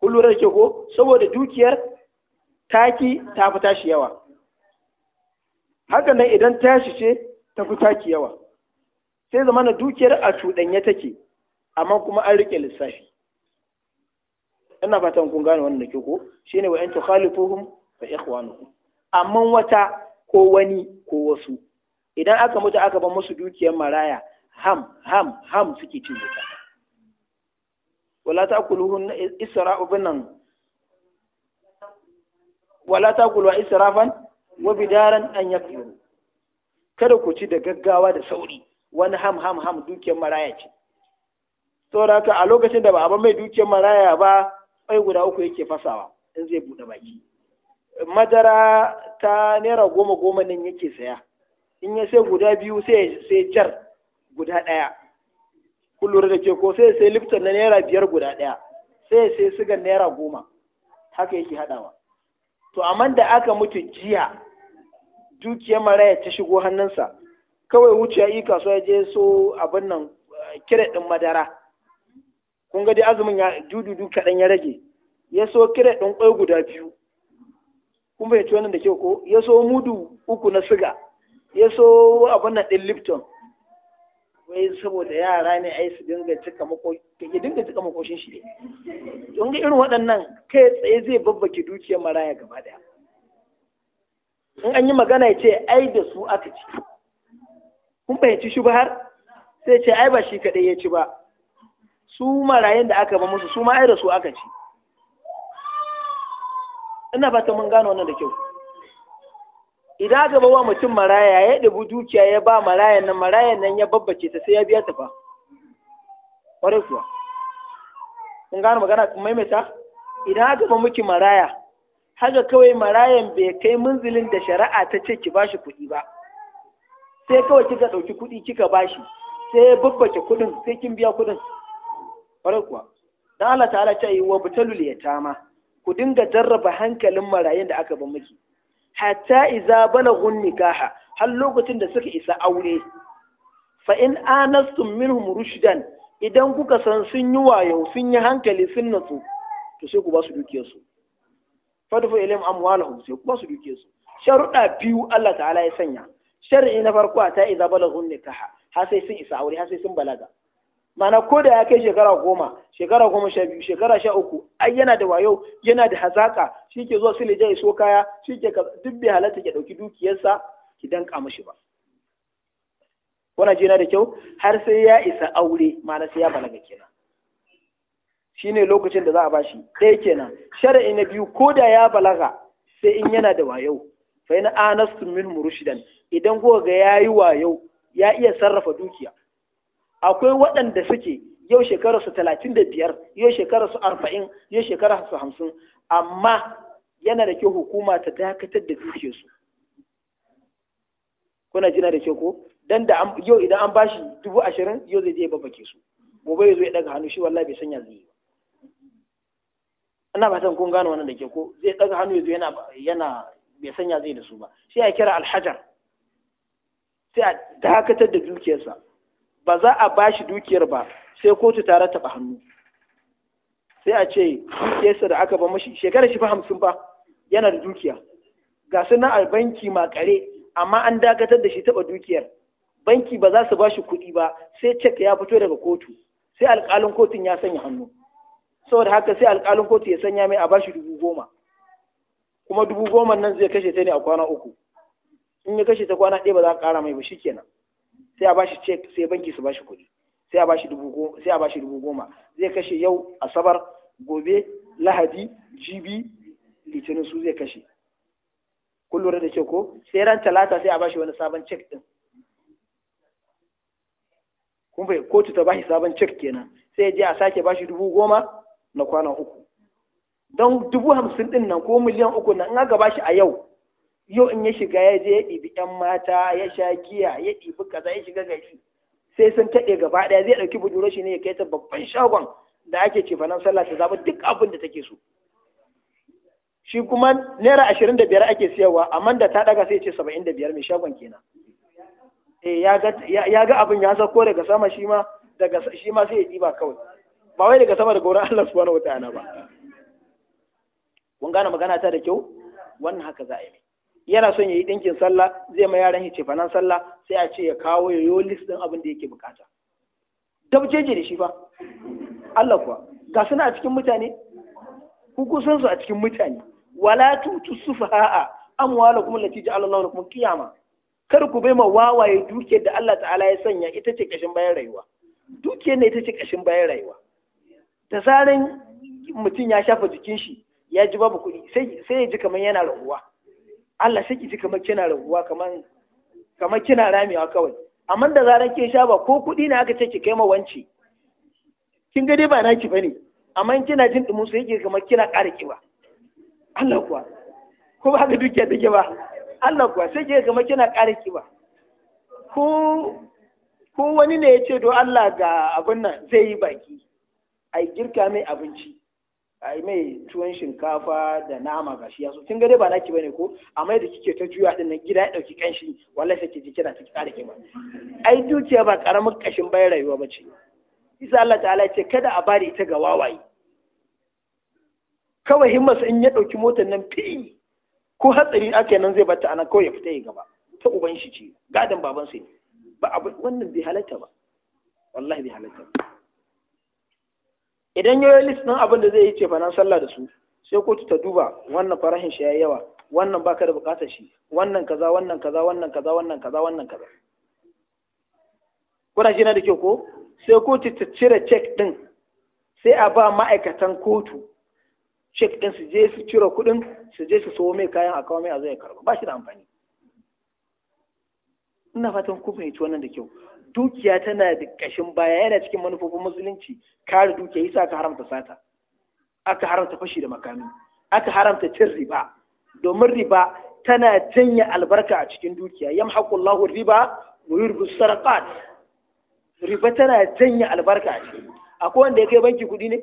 Speaker 1: kun lura ke ko saboda dukiyar taki ta fi tashi yawa hakan nan idan tashi ce ta fi taki yawa sai zama na dukiyar a cuɗanye take amma kuma an riƙe lissafi ina fatan kun gane wannan ke ko shine wa yantu khalifuhum fa ikhwanuhum amma wata ko wani ko wasu idan aka mutu aka ban musu dukiyar maraya ham ham ham suke cin wuta wala ta'kuluhun isra'u binan wala taqulu israfan wa bidaran an kada ku ci da gaggawa da sauri wani ham ham ham dukiyar maraya ce saboda haka a lokacin da ba a ba mai dukiyar maraya ba kwai guda uku yake fasawa in zai buɗe baki madara ta naira goma goma nan yake saya in ya sai guda biyu sai sai jar guda ɗaya kun da ke ko sai sai lifton na naira biyar guda ɗaya sai sai sigan naira goma haka yake haɗawa to amma da aka mutu jiya dukiyar maraya ta shigo hannunsa kawai wuce ya yi kasuwa je so abin nan eh, kire madara kun ga azumin ya dududu kaɗan ya rage ya so kire din kwai guda biyu kun bai wannan da ke ko ya so mudu uku na siga ya so abin nan ɗin lipton wai saboda yara ne ai su dinga cika makoshin ya dinga cika makoshin shi don ga irin waɗannan kai tsaye zai babbake dukiyar maraya gaba daya in an yi magana ya ce ai da su aka ci kun fahimci shi har sai ce ai ba shi kaɗai ya ci ba su marayen da aka ba musu su ma ai da su aka ci ina fata mun gano wannan da kyau idan aka bawa mutum maraya ya ɗabu dukiya ya ba marayan nan marayan nan ya babbace ta sai ya biya ta fa ƙwarai kuwa kun gano magana kun maimaita idan aka ba miki maraya haka kawai marayan bai kai munzilin da shari'a ta ce ki bashi kuɗi ba sai kawai kika ɗauki kuɗi kika bashi sai ya babbace kuɗin sai kin biya kuɗin ƙwarai kuwa dan Allah ta'ala ta yi wa butalul yatama ku dinga jarraba hankalin marayan da aka ba miki hatta iza balaghun nikaha har lokacin da suka isa aure fa in anastum minhum rushdan idan kuka san sun yi wayo sun yi hankali sun natsu to sai ku ba su dukiyar su fadfu ilim amwalahum sai ku ba su dukiyar su sharuɗa biyu Allah ta'ala ya sanya shar'i na farko ta iza balaghun nikaha har sai sun isa aure har sai sun balaga mana ko da ya kai shekara goma shekara goma sha biyu shekara sha uku ai yana da wayo yana da hazaka shi ke zuwa su ya iso kaya shi ke duk bai halatta ke ɗauki dukiyarsa ki danka mashi ba wannan jina da kyau har sai ya isa aure mana sai ya balaga kenan Shi ne lokacin da za a ba shi ɗaya kenan shari'i na biyu ko da ya balaga sai in yana da wayo fa in anastu min murushidan idan ya yi wayo ya iya sarrafa dukiya akwai waɗanda suke yau shekarar su talatin da biyar yau shekarar su arba'in yau shekarar su hamsin amma yana da kyau hukuma ta dakatar da dukiyarsu kuna jina da kyau ko dan da yau idan an bashi dubu ashirin yau zai je babbake su gobe ya zo ya daga hannu shi wallahi bai sanya zai yi ina ba san kun gano wannan da ke ko zai daga hannu ya zo yana yana bai sanya zai da su ba sai a kira alhajar sai a dakatar da dukiyarsa ba za a ba shi dukiyar ba sai kotu ta taɓa hannu sai a ce dukiyarsa da aka ba mashi shekara shi fa hamsin ba yana da dukiya ga su na banki makare amma an dakatar da shi taba dukiyar banki ba za su ba shi kuɗi ba sai cek ya fito daga kotu sai alƙalin kotun ya sanya hannu saboda haka sai alƙalin kotu ya sanya mai a ba shi dubu goma kuma dubu goma nan zai kashe ta ne a kwana uku in ya kashe ta kwana ɗaya ba za a ƙara mai ba shikenan sai a bashi check sai banki su bashi kuɗi sai a bashi dubu goma sai a bashi dubu goma zai kashe yau asabar gobe lahadi jibi litinin su zai kashe kun lura da ke ko sai ran talata sai a bashi wani sabon check din kun bai kotu ta bashi sabon check kenan sai je a sake bashi dubu goma na kwana uku don dubu hamsin din nan ko miliyan uku nan in aka bashi a yau yau in ya shiga ya je ya ɗibi ɗan mata ya sha giya ya ɗibi kaza ya shiga gari sai sun taɗe gaba ɗaya zai ɗauki bujuro shi ne ya kai ta babban shagon da ake ce fa nan sallah ta zaɓi duk abin da take so shi kuma naira ashirin da biyar ake siyarwa amma da ta ɗaga sai ce saba'in da biyar mai shagon kenan eh ya ga abin ya sauko daga sama shi ma daga shi ma sai ya ɗiba kawai ba wai daga sama daga wurin Allah subhanahu ta'ala ba kun gane magana ta da kyau wannan haka za a yi yana son ya yi ɗinkin sallah zai ma yaran hice fanan sallah sai a ce ya kawo ya yi list ɗin abin da yake bukata dabjeje da shi fa Allah kuwa ga suna a cikin mutane ku san su a cikin mutane wala tutu sufaha'a kuma allati ja'ala Allahu kuma kiyama. kar ku bai ma wawaye dukiyar da Allah ta'ala ya sanya ita ce kashin bayan rayuwa dukiyar ne ita ce kashin bayan rayuwa da zaran mutum ya shafa jikin shi ya ji babu kuɗi sai ya ji kamar yana rahuwa Allah sai ki ji kamar kina rahuwa kamar kamar kina ramewa kawai amma da zarar ke sha ba ko kuɗi ne aka ce ki kai ma wanci kin ga dai ba naki bane amma kina jin dumu sai yake kamar kina ƙara kiba Allah kuwa ko ba ga duke take ba Allah kuwa sai ke kamar kina ƙara kiba ko ko wani ne ya ce do Allah ga abin nan zai yi baki ai girka mai abinci a yi mai tuwon shinkafa da nama gashi ya so tun gare ba naki bane ko amma da kike ta juya din nan gida ya dauki kanshi wallahi sai kike kira ta kare ba ai dukiya ba karamin kashin bai rayuwa bace isa Allah ta'ala ce kada a bari ita ga wawaye kawai himmas in ya dauki motar nan fi ko hatsari aka nan zai bata ana kawai ya fita ya gaba ta uban shi ce gadan baban sai ba abu wannan bai halatta ba wallahi bai halatta ba idan yayi list din abin da zai yi ce fanan sallah da su sai kotu ta duba wannan farahin shi yayi yawa wannan baka da bukatar shi wannan kaza wannan kaza wannan kaza wannan kaza wannan kaza kuna shi na da kyau ko sai kotu ta cire check din sai a ba ma'aikatan kotu check din su je su cire kuɗin su je su so mai kayan a kawo mai a zai karba ba shi da amfani ina fatan ku fahimci wannan da kyau dukiya tana da ƙashin baya yana cikin manufofin musulunci kare dukiya yasa aka haramta sata aka haramta fashi da makami aka haramta cin riba domin riba tana janye albarka a cikin dukiya yamhaqullahu riba wa yurbi sadaqat riba tana janye albarka a cikin akwai wanda ya kai banki kuɗi ne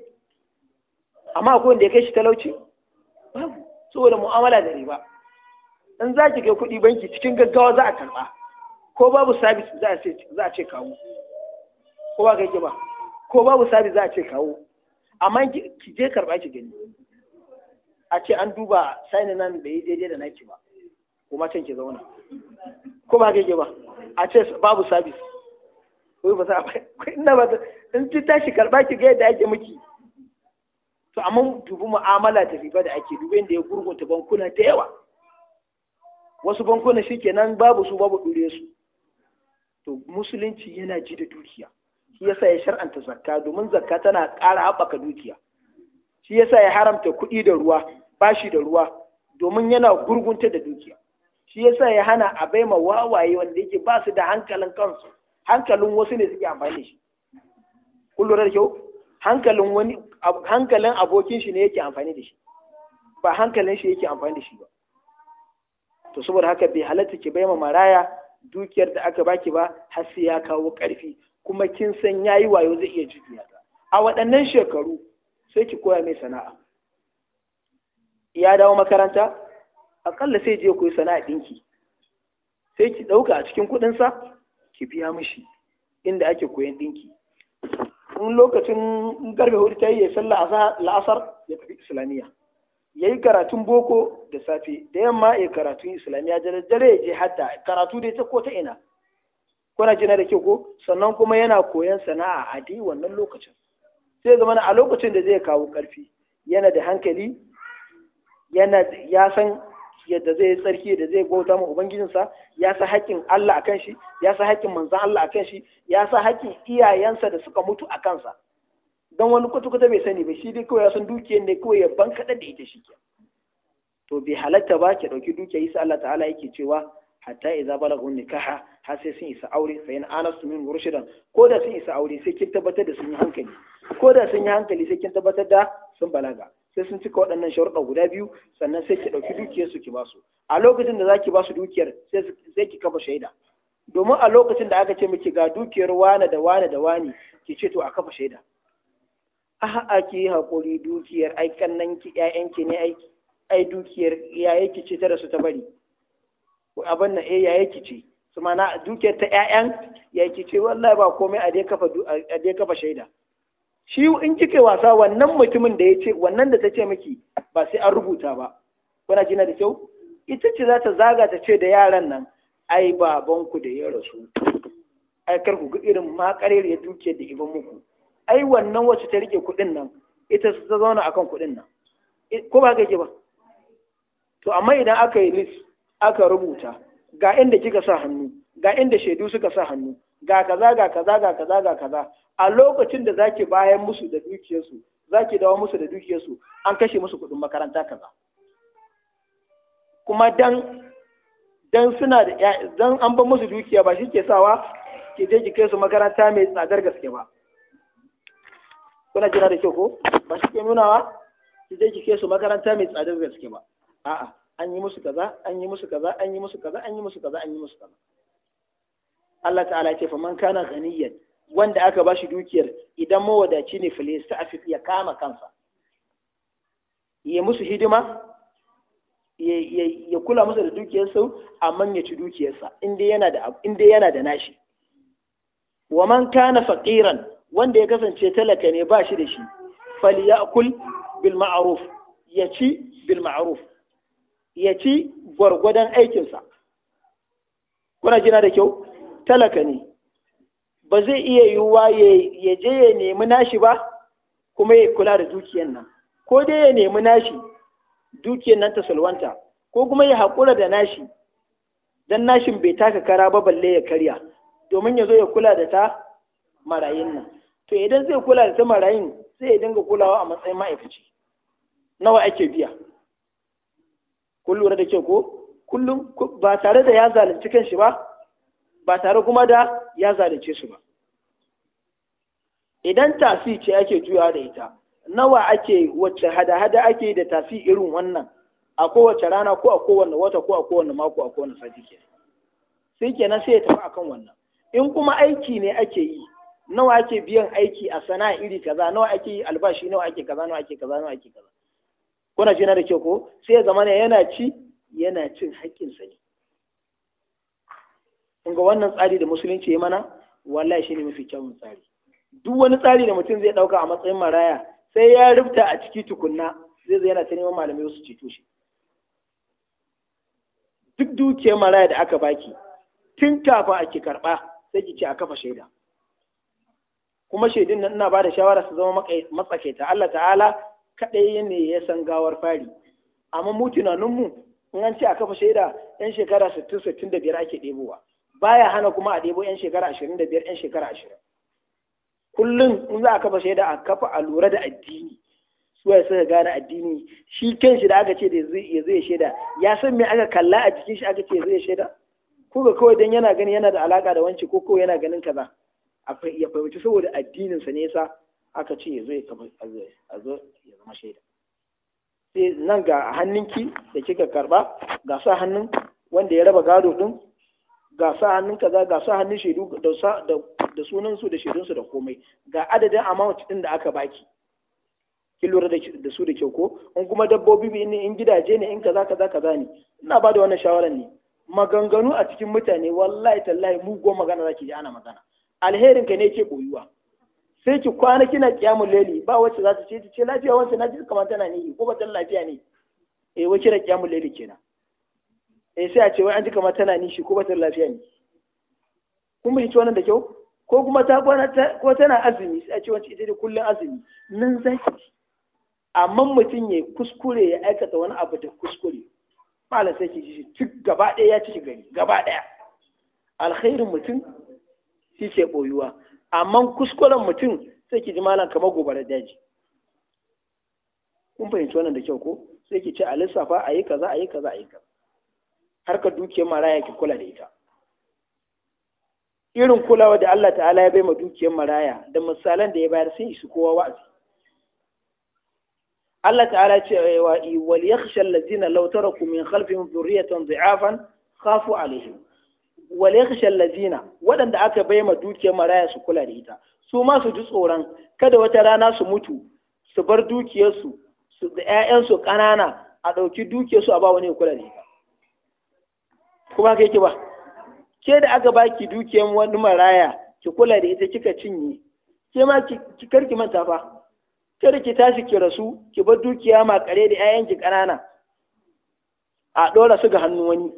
Speaker 1: amma akwai wanda ya kai shi talauci saboda mu'amala da riba in za ki kai kuɗi banki cikin gaggawa za a karɓa ko babu sabis za a ce kawo ko ba gaggi ba ko babu sabis za a ce kawo amma ki je karba ki gani a ce an duba sainin nan bai yi daidai da naki ba kuma can ki zauna ko ba gaggi ba a ce babu sabis ko ba sa ina ba in ki tashi karba ki ga yadda ake miki to amma dubi mu'amala ta riba da ake dubi da ya gurgunta bankuna ta yawa wasu bankuna shikenan babu su babu dure su to musulunci yana ji da dukiya shi yasa ya shar'anta zakka domin zakka tana ƙara haɓaka dukiya shi yasa ya haramta kuɗi da ruwa bashi da ruwa domin yana gurgunta da dukiya shi yasa ya hana a baima wawaye wanda yake ba su da hankalin kansu hankalin wasu ne suke amfani da shi kun da kyau hankalin wani hankalin abokin shi ne yake amfani da shi ba hankalin shi yake amfani da shi ba to saboda haka bai halatta ki baima maraya dukiyar da aka baki ba har sai ya kawo ƙarfi kuma kin san yayi wayo zai iya jujuya ta a waɗannan shekaru sai ki koya mai sana'a ya dawo makaranta akalla sai je koyi sana'a ɗinki sai ki ɗauka a cikin kuɗinsa ki biya mishi inda ake koyan ɗinki in lokacin garbe hudu ta yi ya sallah la'asar ya tafi islamiyya ya yi karatun boko da safe da yamma ya karatun islamiyya da daddare ya je hatta karatu dai ta ko ta ina kuna jina da ke ko sannan kuma yana koyon sana'a a dai wannan lokacin sai zama a lokacin da zai kawo karfi yana da hankali yana ya san yadda zai tsarki da zai bauta ma ubangijinsa ya sa haƙƙin Allah akan shi ya sa haƙƙin manzon Allah akan shi ya sa haƙƙin iyayensa da suka mutu a kansa don wani kwata-kwata bai sani ba shi dai kawai ya san dukiyar ne kawai ya ban kaɗa da ita shi to bai halatta ba ki ɗauki dukiyar isa Allah ta'ala yake cewa hatta idza balaghu nikaha har sai sun isa aure fa in anastu min murshidan ko da sun isa aure sai kin tabbatar da sun yi hankali ko da sun yi hankali sai kin tabbatar da sun balaga sai sun cika waɗannan sharuɗa guda biyu sannan sai ki ɗauki dukiyarsu su ki basu a lokacin da za ba basu dukiyar sai ki kafa shaida domin a lokacin da aka ce miki ga dukiyar wane da wane da wane ki ce to a kafa shaida a ki haƙuri dukiyar ai kannan ki ƴaƴanki ne ai dukiyar ya yake ce ta rasu ta bari abin nan eh ya yake ce su mana dukiyar ta ƴaƴan ya yake ce wallahi ba komai a dai kafa a dai kafa shaida shi in kike wasa wannan mutumin da ya ce wannan da ta ce miki ba sai an rubuta ba kuna jina da kyau ita ce za ta zaga ta ce da yaran nan ai babanku da ya rasu ai kar ku ga irin makarere dukiyar da iban muku ai wannan wacce ta rike kuɗin nan ita ta zauna akan kuɗin nan ko ba kake ba to amma idan aka yi list aka rubuta ga inda kika sa hannu ga inda shaidu suka sa hannu ga kaza ga kaza ga kaza ga kaza a lokacin da zaki bayan musu da dukiyarsu zaki dawo musu da dukiyarsu an kashe musu kuɗin makaranta kaza kuma dan dan suna da dan an ba musu dukiya ba shi ke sawa ki je ki kai su makaranta mai tsadar gaske ba kuna jira da kyau ko ba shi ke nunawa ki je ki kai su makaranta mai tsadar gaske ba a'a an yi musu kaza an yi musu kaza an yi musu kaza an yi musu kaza an yi musu kaza Allah ta'ala ce man kana ghaniyan wanda aka bashi dukiyar idan mawadaci ne filista afif ya kama kansa ya musu hidima ya kula musu da dukiyar sa amma ya ci dukiyarsa inda yana da inda yana da nashi wa man kana faqiran wanda ya kasance talaka ne ba shi da shi falyakul bil ma'ruf ya ci bil ma'ruf ya ci gwargwadon aikinsa kuna jina da kyau talaka ne ba zai iya yiwuwa ya je ya nemi nashi ba kuma ya kula da dukiyan nan ko dai ya nemi nashi dukiyan nan ta salwanta ko kuma ya haƙura da nashi dan nashin bai taka kara ba balle ya karya domin ya zo ya kula da ta marayin nan to idan zai kula da ta marayin zai dinga kulawa a matsayin ma'aikaci nawa ake biya kun da ke ko kullum ba tare da ya zalunci kanshi ba ba tare kuma da ya zalunce su ba idan tasi ce ake juya da ita nawa ake wacce hada-hada ake da tasi irin wannan a kowace rana ko a kowane wata ko a kowane mako a kowane sati ke sai kenan sai ya tafi akan wannan in kuma aiki ne ake yi nawa ake biyan aiki a sana'a iri kaza nawa ake albashi nawa ake kaza nawa ake kaza nawa ake kaza kuna jina da kyau ko sai ya zama yana ci yana cin haƙƙin sa ne kun ga wannan tsari da musulunci ya mana wallahi shine mafi kyawun tsari duk wani tsari da mutum zai dauka a matsayin maraya sai ya rubuta a ciki tukunna zai zai yana ta neman malamai su ceto shi duk dukiyar maraya da aka baki tun a ake karɓa sai ki ci a kafa shaida kuma shaidun nan ina ba da shawara su zama matsakaita Allah ta'ala kaɗai ne ya san gawar fari amma mu tunaninmu in an ce a kafa shaida yan shekara sittin sittin da biyar ake ɗebowa baya hana kuma a ɗebo yan shekara ashirin da biyar yan shekara ashirin kullum in za a kafa shaida a kafa a lura da addini su ya suka gane addini shi kan shi da aka ce da ya zai shaida ya san me aka kalla a jikin shi aka ce zai shaida ko ga kawai dan yana gani yana da alaka da wanci ko kawai yana ganin kaza ya fahimci saboda sa ne sa aka ce ya zo ya zama shaida sai nan ga hannunki da kika karba ga sa hannun wanda ya raba gado din ga sa hannun kaza ga sa hannun shaidu da sunan su da shaidun su da komai ga adadin amount din da aka baki ki/ lura da su da kyau ko in kuma dabbobi ne in gidaje ne in kaza kaza kaza ne ina ba da wannan shawaran ne maganganu a cikin mutane wallahi tallahi mu go magana zaki ji ana magana alherin ka ne ke koyuwa sai ki kwana kina kiyamun leli ba wacce za ta ce ta ce lafiya wancan na ji kamar tana ne ko ba tana lafiya ne eh wai kira kiyamun leli kenan eh sai a ce wai an ji kamar tana nishi ko ba tana lafiya ne kun bai wannan da kyau ko kuma ta kwana ko tana azumi sai a ce wancan ita da kullun azumi nan zaki amma mutum ya kuskure ya aikata wani abu da kuskure malam sai ki ji shi, duk gaba ɗaya ya ci gari gaba ɗaya alkhairin mutum shi ke ɓoyuwa amma kuskuren mutum sai ki ji malam kamar gobarar daji kun fahimci wannan da kyau ko sai ki ce a lissafa a yi kaza a yi kaza a yi kaza harkar dukiyar maraya ki kula da ita irin kulawa da Allah ta'ala ya bai ma dukiyar maraya da misalan da ya bayar sai isu kowa wa'azi Allah ta'ala ce eh, wa wal yakhsha allazina law taraku min khalfihim dhurriyatan dha'afan khafu alaihim wale lazina waɗanda aka bai ma dukiyar maraya su kula da ita su ma su ji tsoron kada wata rana su mutu su bar dukiyarsu su da ƴaƴansu ƙanana a ɗauki dukiyarsu a ba wani kula da ita kuma kai ki ba ke da aka baki dukiyar wani maraya ki kula da ita kika cinye ke ma ki kar ki manta fa kada ki tashi ki rasu ki bar dukiya ma kare da ƴaƴanki ƙanana a ɗora su ga hannu wani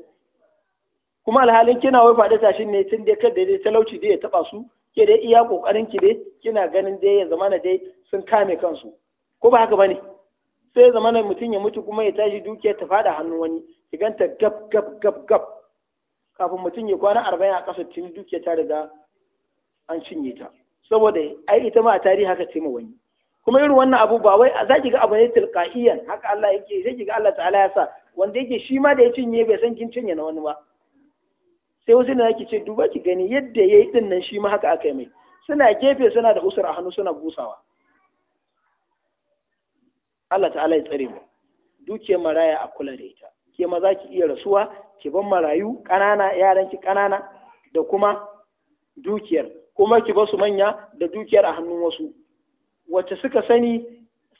Speaker 1: kuma alhalin kina wai faɗi tashin ne tun dai kada dai talauci dai ya taba su ke dai iya kokarin ki dai kina ganin dai ya zamana dai sun kame kansu ko ba haka bane sai ya zamana mutum ya mutu kuma ya tashi dukiya ta fada hannun wani ki ganta gab gab gab gab kafin mutum ya kwana arba'in a ƙasa tuni dukiya ta riga an cinye ta saboda ai ita ma a tarihi haka ce ma wani kuma irin wannan abu ba wai za ki ga abu ne tilqa'iyan haka Allah yake sai ki ga Allah ta'ala ya sa wanda yake shi ma da ya cinye bai san kin cinye na wani ba sai wasu na yake ce duba ki gani yadda ya yi nan shi ma haka aka yi mai suna gefe suna da usur a hannu suna busawa Allah ta'ala ya tsare mu dukiyar maraya a kula da ita ke maza ki iya rasuwa ki ban marayu ƙanana yaran ki ƙanana da kuma dukiyar kuma ki ba su manya da dukiyar a hannun wasu wacce suka sani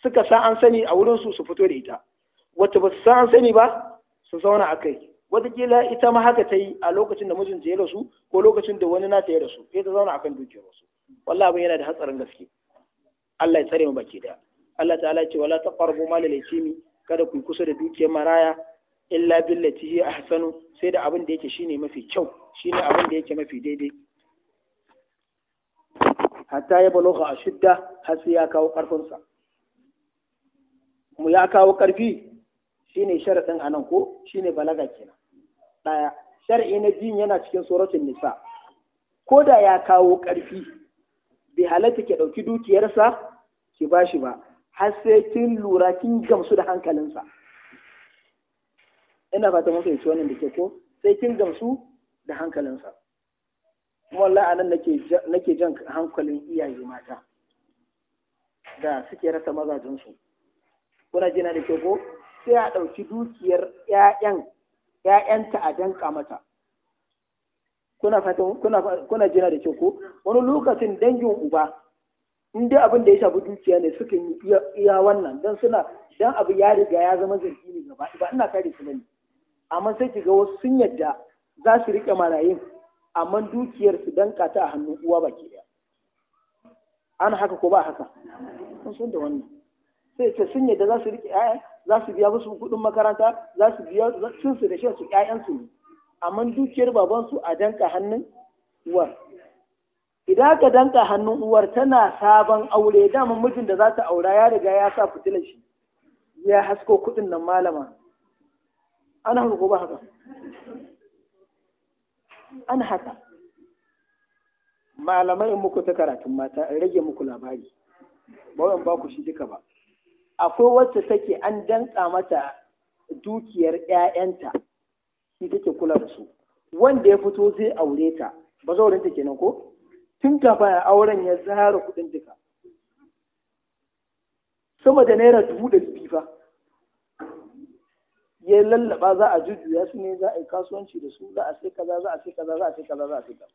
Speaker 1: suka sa an sani a wurin su su fito da ita wacce ba su sa an sani ba su zauna a kai watakila ita ma haka ta yi a lokacin da mijinta ya rasu ko lokacin da wani nata ya rasu sai ta zauna akan dukiyar wasu wallahi abin yana da hatsarin gaske Allah ya tsare mu baki daya Allah ta'ala ce wala taqrabu mal al-yatimi kada ku kusa da dukiyar maraya illa billati hi ahsanu sai da abin da yake shine mafi kyau shine abin da yake mafi daidai hatta ya baloga a shidda har sai ya kawo karfinsa mu ya kawo karfi shine sharadin anan ko shine balaga kenan ɗaya shar'i na biyun yana cikin suratul nisa ko da ya kawo ƙarfi bai halatta ke ɗauki dukiyarsa ki ba ba har sai kin lura kin gamsu da hankalinsa ina fata mun fahimci wannan da ke ko sai kin gamsu da hankalinsa kuma wallahi anan nake nake jan hankalin iyaye mata da suke rasa mazajensu kuna jina da ke ko sai a ɗauki dukiyar 'ya'yan ‘ya'yanta a danka mata kuna fata, kuna jina da kyau ko wani lokacin dangin uba inda abin da ya shafi dukiya ne suka yi iya wannan don suna don abu ya riga ya zama zargi ne gaba ba ina kare su bane amma sai ki ga wasu sun yadda za su riƙe marayin amma dukiyar su danka ta a hannun uwa baki ɗaya. an haka ko ba haka sun da wannan sai ta sun yadda za su riƙe ƴaƴan za su biya musu kuɗin makaranta za su biya sun su da shan su ƴaƴan su ne amma dukiyar baban su a danka hannun uwar idan aka danka hannun uwar tana sabon aure dama mijin da za ta aura ya riga ya sa fitilar shi ya hasko kuɗin nan malama ana haka ba haka ana haka malamai muku ta karatun mata in rage muku labari ba wani ba ku shi duka ba akwai wacce take an danka mata dukiyar 'ya'yanta shi take kula da su wanda ya fito zai aure ta ba zaurinta kenan ko tun kafin auren ya zara kuɗin duka sama da naira dubu da dubu fa ya lallaba za a ya su ne za a yi kasuwanci da su za a sai kaza za a sai kaza za a sai kaza za a sai kaza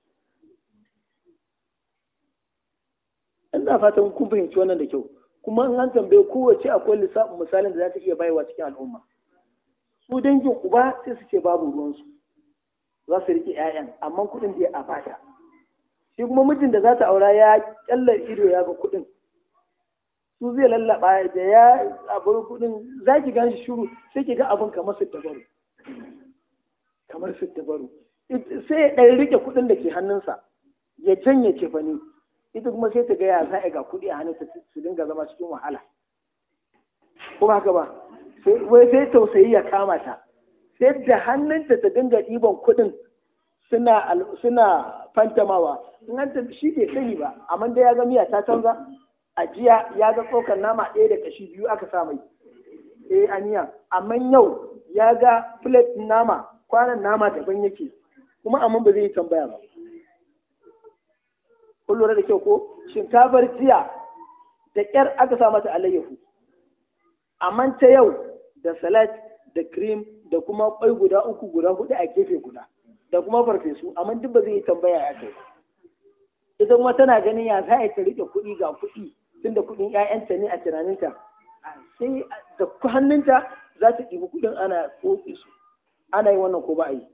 Speaker 1: ina fatan kun fahimci wannan da kyau kuma in an tambaye kowace akwai lissafin misalin da za ta iya bayarwa cikin al'umma su dangin uba sai su ce babu ruwansu za su riƙe 'ya'yan amma kuɗin da a bata shi kuma mijin da za ta aura ya kyallar ido ya ga kuɗin su zai lallaɓa da ya abin kuɗin za ki gan shi shuru sai ki ga abin kamar su baro. kamar su baro. sai ya ɗan riƙe kuɗin da ke hannunsa ya janye cefane ita kuma sai ta ga ya za ga kuɗi a hannunta su dinga zama cikin wahala kuma haka ba wai sai tausayi ya kama ta sai da hannunta ta dinga ɗiban kuɗin suna fantamawa in an ta shi bai sani ba amma da ya ga miya ta canza a jiya ya ga tsokar nama ɗaya da kashi biyu aka sa mai eh aniya amma yau ya ga plate nama kwanan nama daban yake kuma amma ba zai yi tambaya ba kun lura da kyau ko shinkafar jiya da ƙyar aka sa mata alayyahu amma ta yau da salad da cream da kuma kwai guda uku guda hudu a gefe guda da kuma farfesu amma duk ba zai yi tambaya ya kai ita kuma tana ganin ya za ta rike kuɗi ga kuɗi tunda kuɗin ƴaƴanta ne a tunaninta sai da hannunta za ta ɗibi kuɗin ana tsotse su ana yi wannan ko ba a yi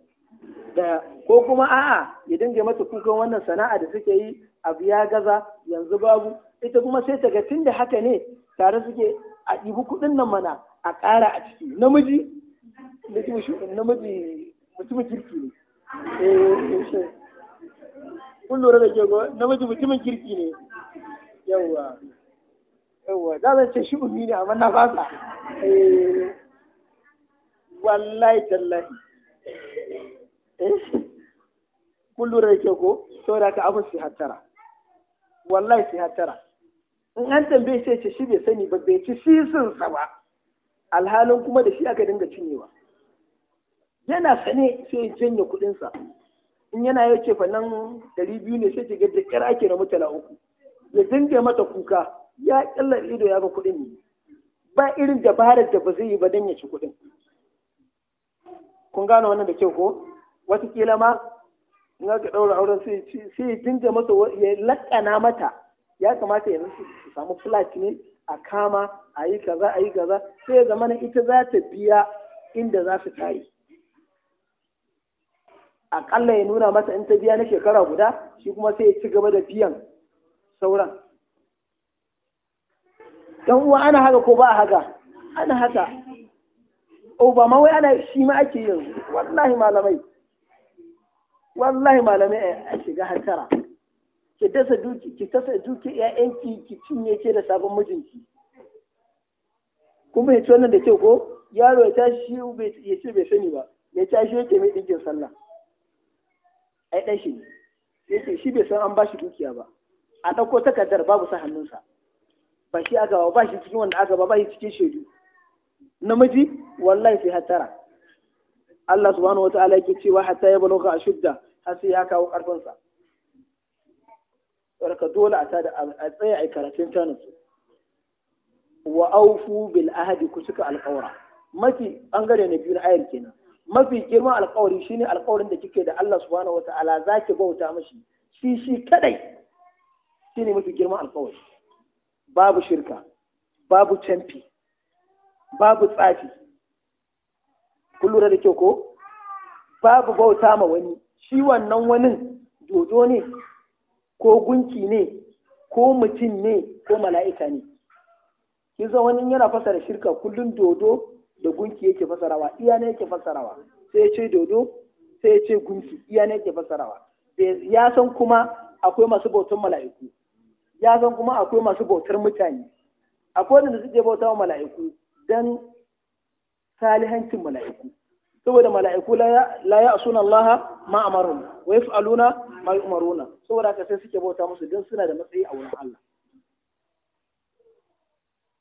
Speaker 1: da ko kuma a'a ya dinga mata kukan wannan sana'a da suke yi abu ya gaza yanzu babu ita kuma sai ta ga tunda haka ne tare suke a ɗibi kuɗin nan mana a ƙara a ciki namiji namiji mutumin kirki ne kun lura da ke namiji mutumin kirki ne yawwa yawwa za zan ce shi ummi ne amma na fasa eh, wallahi tallahi Eh? kun lura da ko saboda ka abin su hattara wallahi su hattara in an tambaye sai ce shi bai sani ba bai ci sisin sa ba alhalin kuma da shi aka dinga cinyewa yana sane sai ya janye kuɗinsa in yana ya ce fannan ɗari biyu ne sai ga jakar ake na mutala uku ya dinga mata kuka ya ƙyalla ido ya ga kuɗin ne ba irin dabarar da ba zai yi ba don ya ci kuɗin kun gano wannan da kyau ko watakila ma in aka ɗaura auren sai ya dinga masa ya laƙana mata ya kamata ya su samu flat ne a kama a yi kaza a yi kaza sai ya ita za ta biya inda za su tayi aƙalla ya nuna mata in ta biya na shekara guda shi kuma sai ya ci gaba da biyan sauran dan uwa ana haka ko ba haka ana haka obama oh, wai ana shi ma ake yanzu wallahi malamai wallahi malamai a shiga hantara ki dasa duki ki tasa duki ƴaƴanki ki cinye ke da sabon mijinki kuma yace wannan da kyau ko yaro ya tashi ya ce bai sani ba ya tashi yake mai ɗigin sallah ai yi shi ne yake shi bai san an ba shi dukiya ba a ɗauko takardar babu sa hannunsa ba shi aka ba ba shi cikin wanda aka ba ba shi cikin shaidu namiji wallahi sai hatara Allah subhanahu ta'ala yake cewa hatta ya balaga ashudda har sai ya kawo karfin sa barka dole a tada a tsaya a karatun tanin su wa aufu bil ahdi ku cika alƙawara mafi bangare na biyu na ayar kenan mafi girman alƙawari shine alƙawarin da kike da Allah subhanahu za zaki bauta mashi shi shi kadai shine mafi girman alƙawari babu shirka babu canfi babu tsafi kun lura da kyau ko babu bauta ma wani shi wannan wani dodo ne ko gunki ne ko mutum ne ko mala'ika ne kin san wani yana fasara shirka kullum dodo da gunki yake fasarawa iya ne yake fasarawa sai ya ce dodo sai ya ce gunki iya ne yake fasarawa ya san kuma akwai masu bautar mala'iku ya san kuma akwai masu bautar mutane akwai wanda suke bauta wa mala'iku dan salihancin mala'iku saboda mala'iku la ya asuna Allah ma amarun wa yaf'aluna ma saboda haka sai suke bauta musu don suna da matsayi a wurin Allah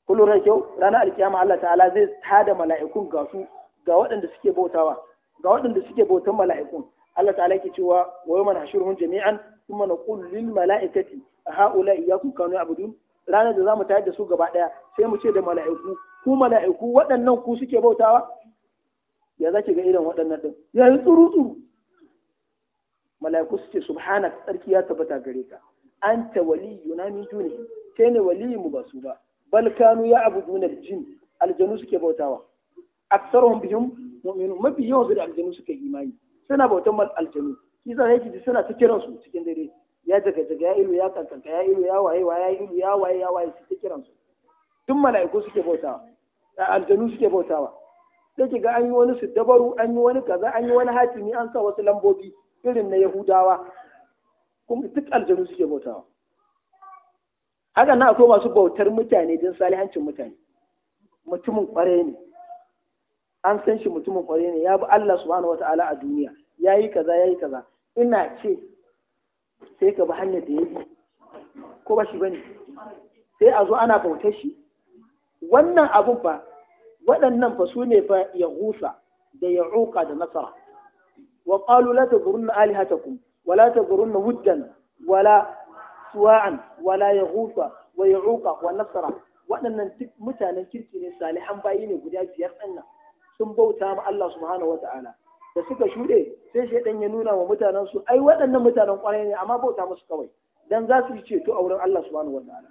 Speaker 1: kullum kyau ranar alkiyama Allah ta'ala zai tada mala'ikun ga su ga waɗanda suke bautawa ga waɗanda suke bautan mala'ikun Allah ta'ala ke cewa wa mana nahshuruhum jami'an thumma naqulu lil mala'ikati haula iyyakum kanu ya'budun ranar da za mu tayar da su gaba ɗaya sai mu ce da mala'iku ku mala'iku waɗannan ku suke bautawa ya za ki ga irin waɗannan ɗin yi tsuru tsuru mala'iku su ce tsarki ya tabbata gare ka wali, yuna min duni kai ne wali, mu ba su ba bal kanu ya duna jin aljanu suke bautawa aktsaruhum bihim mu'minu mafi yawan su da aljanu suke imani suna bautan mal aljanu shi za ki ji suna ta kiransu cikin dare ya jaga jaga ya ilu ya kankanka ya ilu ya waye ya ilu ya waye ya waye su ta kiran su duk mala'iku suke bautawa da aljanu suke bautawa sai kiga an yi wani siddabaru an yi wani kaza an yi wani hatimi an sa wasu lambobi irin na yahudawa kuma duk aljanu suke bautawa haka na akwai masu bautar mutane don salihancin mutane mutumin kware ne an san shi mutumin kware ne ya bi Allah subhanahu wata'ala a duniya ya yi kaza ya yi kaza ina ce sai ka bi hanyar da ya bi ko ba shi ba ne sai a zo ana bautar shi wannan abun ba, waɗannan fa su ne fa ya husa da ya uka da nasara wa qalu la tadurunna alihatakum wa la tadurunna wuddan wala suwa'an wala ya husa wa ya uka wa nasara waɗannan mutanen kirki ne salihan bayi ne guda biyar ɗin nan sun bauta ma Allah subhanahu wa ta'ala da suka shuɗe sai ɗan ya nuna wa mutanen su ai waɗannan mutanen ƙwarai ne amma bauta musu kawai dan za su yi ceto a wurin Allah subhanahu wataala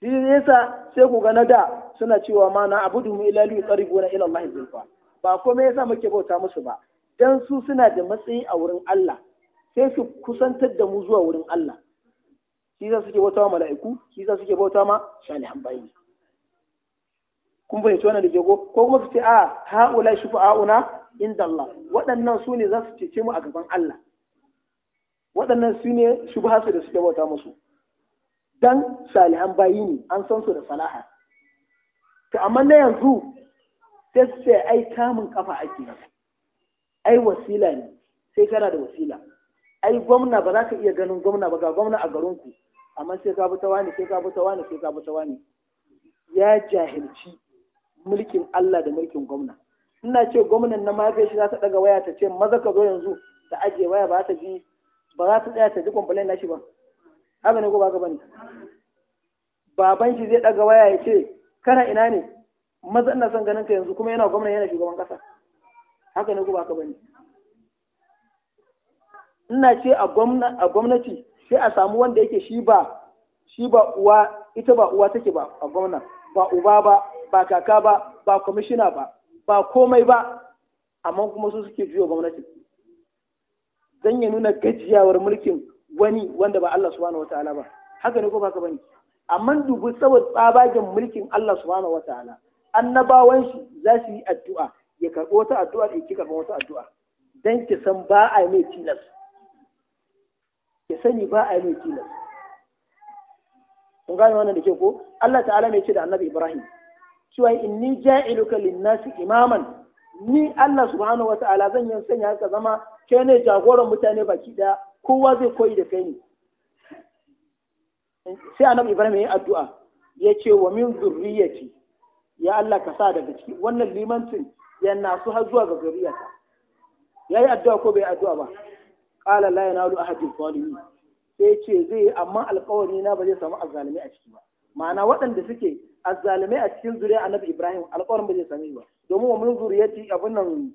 Speaker 1: shi yasa sai ku ga na da suna cewa ma na abudu mu ila li na ila Allah zulfa ba komai yasa muke bauta musu ba dan su suna da matsayi a wurin Allah sai su kusantar da mu zuwa wurin Allah shi yasa suke bauta ma mala'iku shi yasa suke bauta ma shalihan bayi kun fahimci wannan da ke ko kuma su ce a ah, haula shufa'una inda Allah waɗannan su ne za su cece mu a gaban Allah waɗannan su ne su da suke bauta musu dan salihan bayi ne an san su da salaha to amma na yanzu sai su ce ai kamun kafa ake ai wasila ne sai kana da wasila ai gwamna ba za ka iya ganin gwamna ba ga gwamna a garinku amma sai ka bi ta wani sai ka bi ta wani sai ka bi ta wani ya jahilci mulkin Allah da mulkin gwamna ina ce gwamnan na mafiya shi za ta daga waya ta ce maza ka zo yanzu Da ajiye waya ba ta ji ba za ta tsaya ta ji kwamfalin nashi ba haka ne ko ba ka ne baban shi zai daga waya ya ce kana ina ne maza ina son ganin ka yanzu kuma yana gwamna yana shugaban kasa haka ne ko ba ka ne ina ce a gwamnati sai a samu wanda yake shi ba shi ba uwa ita ba uwa take ba a gwamna ba uba ba ba kaka ba ba kwamishina ba ba komai ba amma kuma su suke biyo gwamnati dan ya nuna gajiyawar mulkin wani wanda ba Allah subhanahu wataala ba haka ne ko ba ka bani amma dubu saboda tsabagen mulkin Allah subhanahu wataala annabawan shi za su yi addu'a ya karɓo wata addu'a da ki karɓo wata addu'a dan ki san ba a mai tilas ki sani ba a mai tilas kun gane wannan da ke ko Allah ta'ala ne ce da annabi Ibrahim cewa inni ja'iluka linnasi imaman ni Allah subhanahu wata'ala zan yi sanya ka zama kai ne jagoran mutane baki daya kowa zai koyi da kai ne sai annabi Ibrahim yayi addu'a yace wa min zurriyati ya Allah ka sa daga ciki wannan limancin yana su har zuwa ga zuriyata yayi addu'a ko bai addu'a ba qala la yanalu ahadin salihin sai ce zai amma alƙawari na ba zai samu azzalimi a ciki ba ma'ana waɗanda suke azzalimai a cikin zuriya annabi ibrahim alƙawarin ba zai sami ba domin wa mun zuriyati abin nan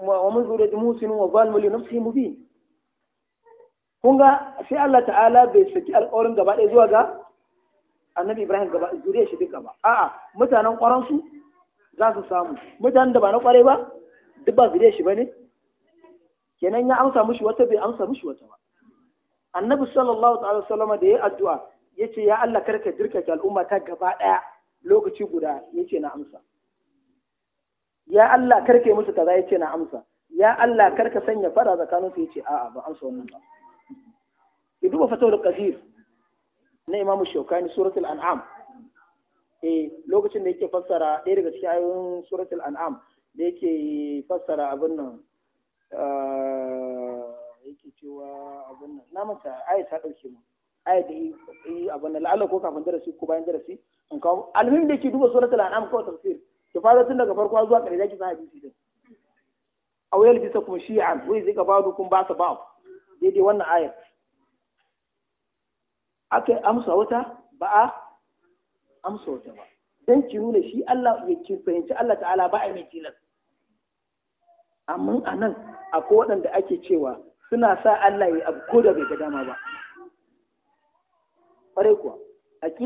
Speaker 1: wa mun zuriyati musin wa zalimu li nafsihi mubin kun ga sai Allah ta'ala bai saki alƙawarin gaba ɗaya zuwa ga annabi ibrahim gaba zuriya shi duka ba a'a mutanen ƙwaron su za su samu mutanen da ba na ƙware ba duk ba zuriya shi bane kenan ya amsa mushi wata bai amsa mushi wata ba annabi sallallahu ta'ala sallama da ya addu'a ya ce ya Allah karka jirkake al'umma ta gaba ɗaya lokaci guda ya ce na amsa ya Allah karka musu kaza ya ce na amsa ya Allah karka sanya fara tsakanin su ya ce a'a ba amsa wannan ba ki duba fatawul qadir na imamu shaukani suratul an'am eh lokacin da yake fassara ɗaya daga cikin ayoyin suratul an'am da yake fassara abin nan ah, yake cewa abin nan na manta ayata ta ɗauke mu ayat da yi abin da la'alla ko kafin darasi ko bayan darasi in kawo alhim da ke duba suratul an'am wasu tafsir ki fara tun daga farko zuwa ƙarshe zaki san hadisi din aw yalbisa kuma shi'an wai zika ba'du kun ba ba'd daidai wannan ayat aka amsa wata ba a amsa wata ba dan ki nuna shi Allah ya ki fahimci Allah ta'ala ba a mai tilas amma anan akwai waɗanda ake cewa suna sa Allah ya abu ko da bai ga dama ba kwarai kuwa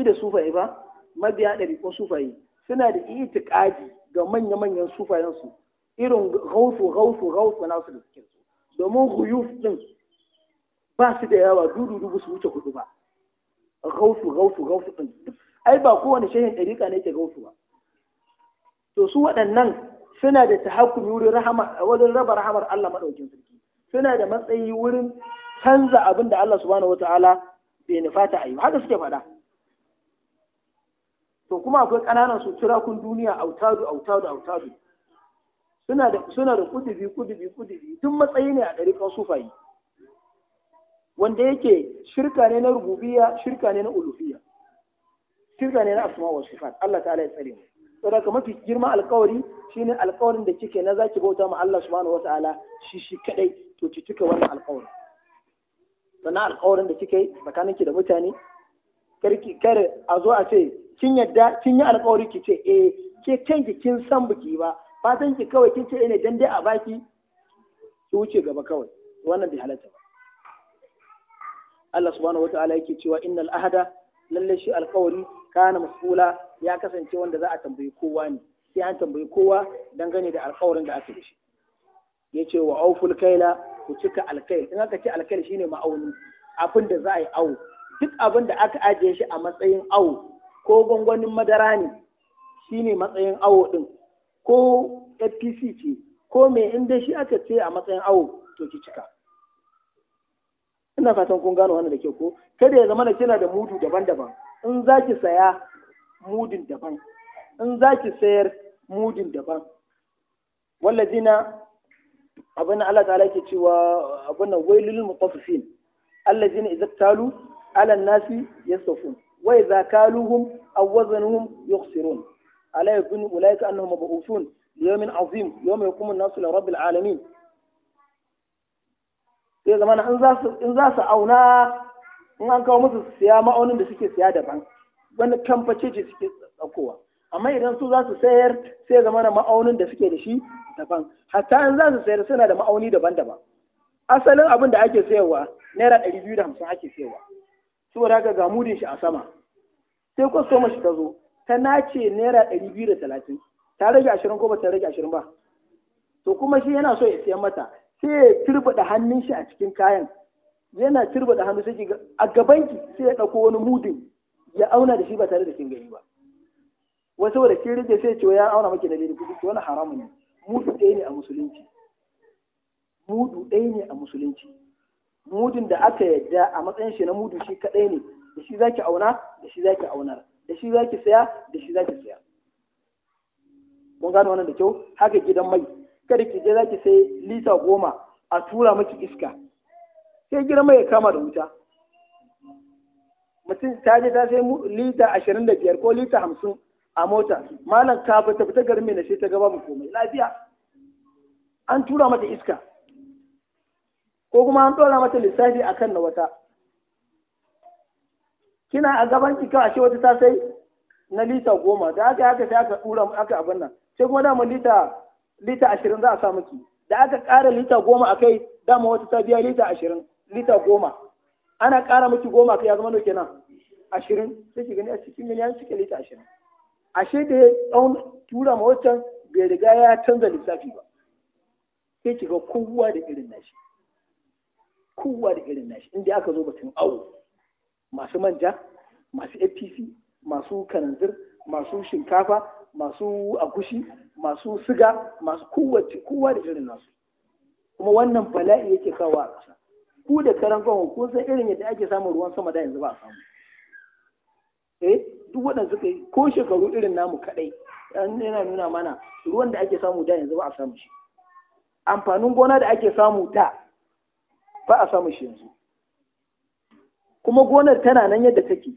Speaker 1: da sufaye ba mabiya ɗariƙun sufaye suna da itiƙadi ga manya-manyan sufayensu irin hausu gausu na wasu da suke su domin huyuf ɗin ba su da yawa dudu dubu su wuce kudu ba hausu hausu hausu ɗin ai ba kowane shehin ɗariƙa ne ke hausu ba to su waɗannan suna da tahakkumi wurin rahama wajen raba rahamar Allah madaukin sarki suna da matsayi wurin canza abin da Allah subhanahu wataala bai nufa ta yi haka suke faɗa to kuma akwai ƙananan su duniya autadu autadu autadu suna da suna da kudubi kudubi kudubi tun matsayi ne a ɗariƙan sufayi wanda yake shirka ne na rububiya shirka ne na ulufiya shirka ne na asma wa sifat Allah ta'ala ya tsare mu saboda mafi girma alƙawari shine alƙawarin da kike na zaki bauta ma Allah subhanahu wa ta'ala shi shi kadai to ki cika wannan alƙawarin. sannan alƙawarin da kika yi tsakaninki da mutane Kar a zo a ce kin yadda kin yi alƙawari ki ce eh ke kanki kin san biki ba fatan ki kawai kin ce eh, ne dan dai a baki ki wuce gaba kawai wannan bai halatta ba Allah subhanahu wataala yake cewa innal ahada lalle shi alƙawari kana mas'ula ya kasance wanda za a tambayi kowa ne sai an tambayi kowa dangane da alƙawarin da aka yi shi yace wa auful kaila ku cika alkai in aka ce alkai shine ma'auni abin da za a yi awo duk abin da aka ajiye shi a matsayin awo ko gwangwanin madara ne shine matsayin awo din ko fpc ce ko me in dai shi aka ce a matsayin awo to ki cika ina fatan kun gano wannan da ke ko kada ya zama kina da mudu daban-daban in za ki saya mudin daban in za ki sayar mudin daban wallazina abin Allah ta'ala yake cewa abin nan wailul mutaffifin allazina idza talu ala nasi yasfun wa idza kaluhum aw wazanuhum yukhsirun ala yakunu ulaika annahum mabu'uthun liyawmin azim yawma yaqumu an-nasu li rabbil alamin sai zamana in za su in za su auna in an kawo musu siya ma'aunin da suke siya daban wani kamface ce suke ɗaukowa amma idan su za su sayar sai zama na ma'aunin da suke da shi daban hatta an za su sayar suna da ma'auni daban-daban asalin abin da ake sayarwa naira ɗari biyu da hamsin ake sayarwa saboda haka ga mudin shi a sama sai kwastoma shi ta zo ta nace naira ɗari biyu da talatin ta rage ashirin ko ba ta rage ashirin ba to kuma shi yana so ya sayar mata sai ya da hannun shi a cikin kayan yana turbaɗa hannu sai a ki sai ya ɗauko wani mudin ya auna da shi ba tare da kin gani ba wasu da kin rage sai ce ya auna maki da kuɗi wani haramun ne mudu ɗaya ne a musulunci mudu ɗaya ne a musulunci mudun da aka yadda a matsayin shi na mudu shi kaɗai ne da shi zaki auna da shi zaki aunar da shi zaki saya da shi zaki saya Mun gano wannan da kyau haka gidan mai kada ki je zaki sai lita goma a tura miki iska sai gidan mai ya kama da wuta mutum ta je ta sai lita ashirin da biyar ko lita hamsin a mota malam ba ta fita garin na sai ta gaba mu komai lafiya an tura mata iska ko kuma an ɗora mata lissafi a kan na wata kina a gaban ki kawai wata ta sai na lita goma da aka haka sai aka tura aka abin nan sai kuma dama lita lita ashirin za a sa miki da aka ƙara lita goma a kai dama wata ta biya lita ashirin lita goma ana ƙara miki goma kai ya zama nau nan ashirin sai ki gani a cikin miliyan cikin lita ashirin ashe da ya tura ma wancan bai riga ya canza lissafi ba sai kiga kowa da irin nashi kowa da irin nashi inda aka zo batun awo masu manja masu apc masu kananzir masu shinkafa masu agushi masu siga masu kowace kowa da irin nasu kuma wannan bala'i yake kawo a ƙasa ku da karan kawo ko san irin yadda ake samun ruwan sama da yanzu ba a samu eh duk waɗanda suka yi ko shekaru irin namu kaɗai yana nuna mana ruwan da ake samu da yanzu ba a samu shi amfanin gona da ake samu da ba a samu shi yanzu kuma gonar tana nan yadda take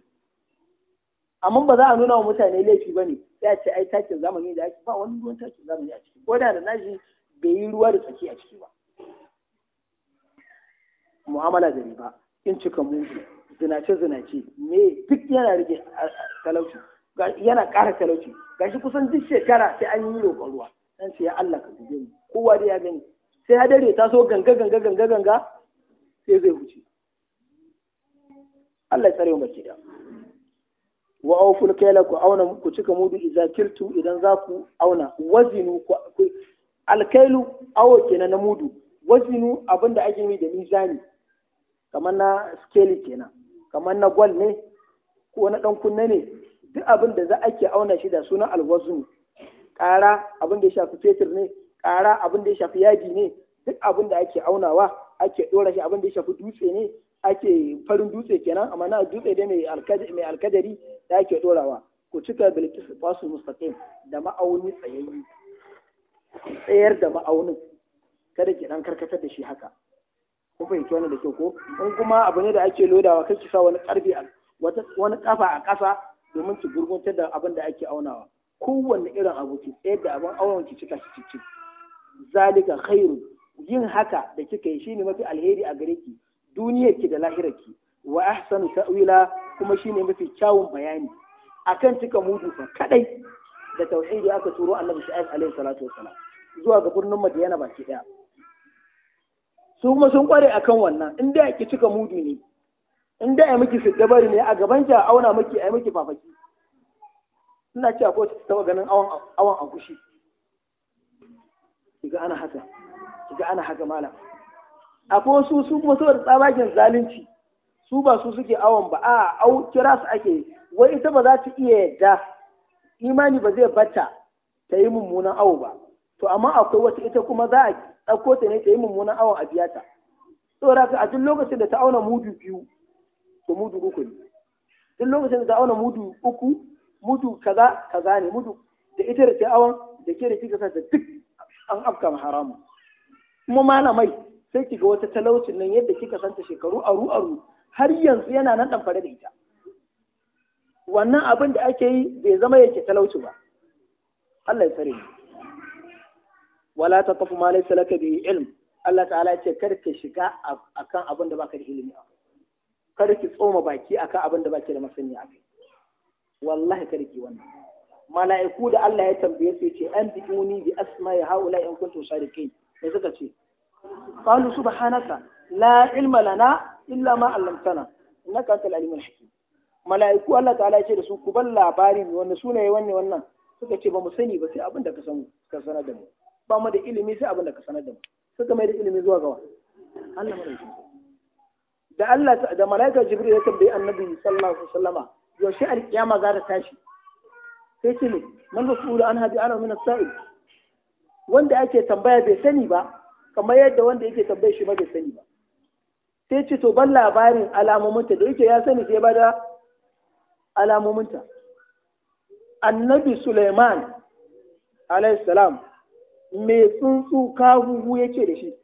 Speaker 1: amma ba za a nuna wa mutane laifi ba ne sai a ce ai takin zamani da ake ba wani ruwan takin zamani a ciki ko da da naji bai yi ruwa da tsaki a ciki ba mu'amala da riba in cika mu zinace-zinace me duk yana rage talauci yana ƙara talauci gashi kusan duk shekara sai an yi roƙon ruwa dan sai ya Allah ka guje mu kowa da ya gani sai ya dare ta so ganga ganga ganga ganga sai zai huce Allah ya tsare mu baki da wa awful kayla ku auna ku cika mudu idza kirtu idan za ku auna wazinu ku alkailu awo kenan na mudu wazinu abinda ake yi da mizani kamar na scale kenan kamar na gwal ne ko na ɗan kunne ne duk abin da za a auna shi da sunan alwazun ƙara abin da ya shafi fetur ne ƙara abin da ya shafi yadi ne duk abin da ake aunawa ake ɗora shi abin da ya shafi dutse ne ake farin dutse kenan amma na dutse dai mai alkadari da ake ɗorawa ku cika bilkis basu mustaqim da ma'auni tsayayye tsayar da ma'aunin kada ki dan karkatar da shi haka kun fahimci wannan da kyau ko in kuma abu ne da ake lodawa kai ki sa wani karfi wani kafa a kasa domin ki gurguntar da abin da ake aunawa kowanne irin abu ki tsayar da abin aunawa ki cika shi cikin. zalika khairu yin haka da kika yi shine mafi alheri a gare ki duniyar ki da lahirar ki wa ahsanu ta'wila kuma shine mafi kyawun bayani akan cika mudu fa kadai da tauhidi aka turo annabi shu'aib alaihi salatu wasalam zuwa ga birnin yana baki daya su kuma sun kware a kan wannan in da ki cika mudu ne in da ya miki dabari ne a gaban ki a auna miki a miki fafaki ina cewa ko ta taba ganin awan awan agushi kiga ana haka kiga ana haka malam akwai su su kuma saboda tsabagen zalunci su ba su suke awon ba a au kira su ake wai ita ba za ta iya yadda imani ba zai bata ta yi mummunan awo ba to amma akwai wata ita kuma za a ɗauko ta ne ta yi mummunan awon a biya ta saboda ka a duk lokacin da ta auna mudu biyu to mudu uku ne duk lokacin da ta auna mudu uku mudu kaza kaza ne mudu da ita da ta awon da ke da kika da duk an afka haramu kuma malamai sai kiga wata talaucin nan yadda kika santa shekaru aru aru har yanzu yana nan ɗanfare da ita wannan abin da ake yi bai zama yake talauci ba Allah ya tsare mu wala ta taqaf ma laisa laka bihi ilm Allah ta'ala ya ce kar ka shiga akan abin da baka da ilimi a kar ki tsoma baki akan abin da baki da masani a kai wallahi kar ki wannan mala'iku da Allah ya tambaye su ce an bi'uni bi asma'i haula in kuntum sharikin sai suka ce qalu subhanaka la ilma lana illa ma 'allamtana innaka antal alimul hakim mala'iku Allah ta'ala ya ce da su ku ban labari wannan sunaye wanne wannan suka ce ba mu sani ba sai abin da ka san ka sanar da mu ba mu da ilimi sai abin da ka sanar da mu suka mai da ilimi zuwa gawa Allah mai da Allah da malaika jibril ya tambayi annabi sallallahu alaihi wasallama yaushe alkiyama za ta tashi sai ce ne man rasul an hadi ana min sa'il wanda ake tambaya bai sani ba kamar yadda wanda yake tambaye shi ba bai sani ba sai ce to ban labarin alamominta da yake ya sani sai ba da alamominta annabi Suleiman alaihi salam mai tsuntsu kahuhu ya ce da shi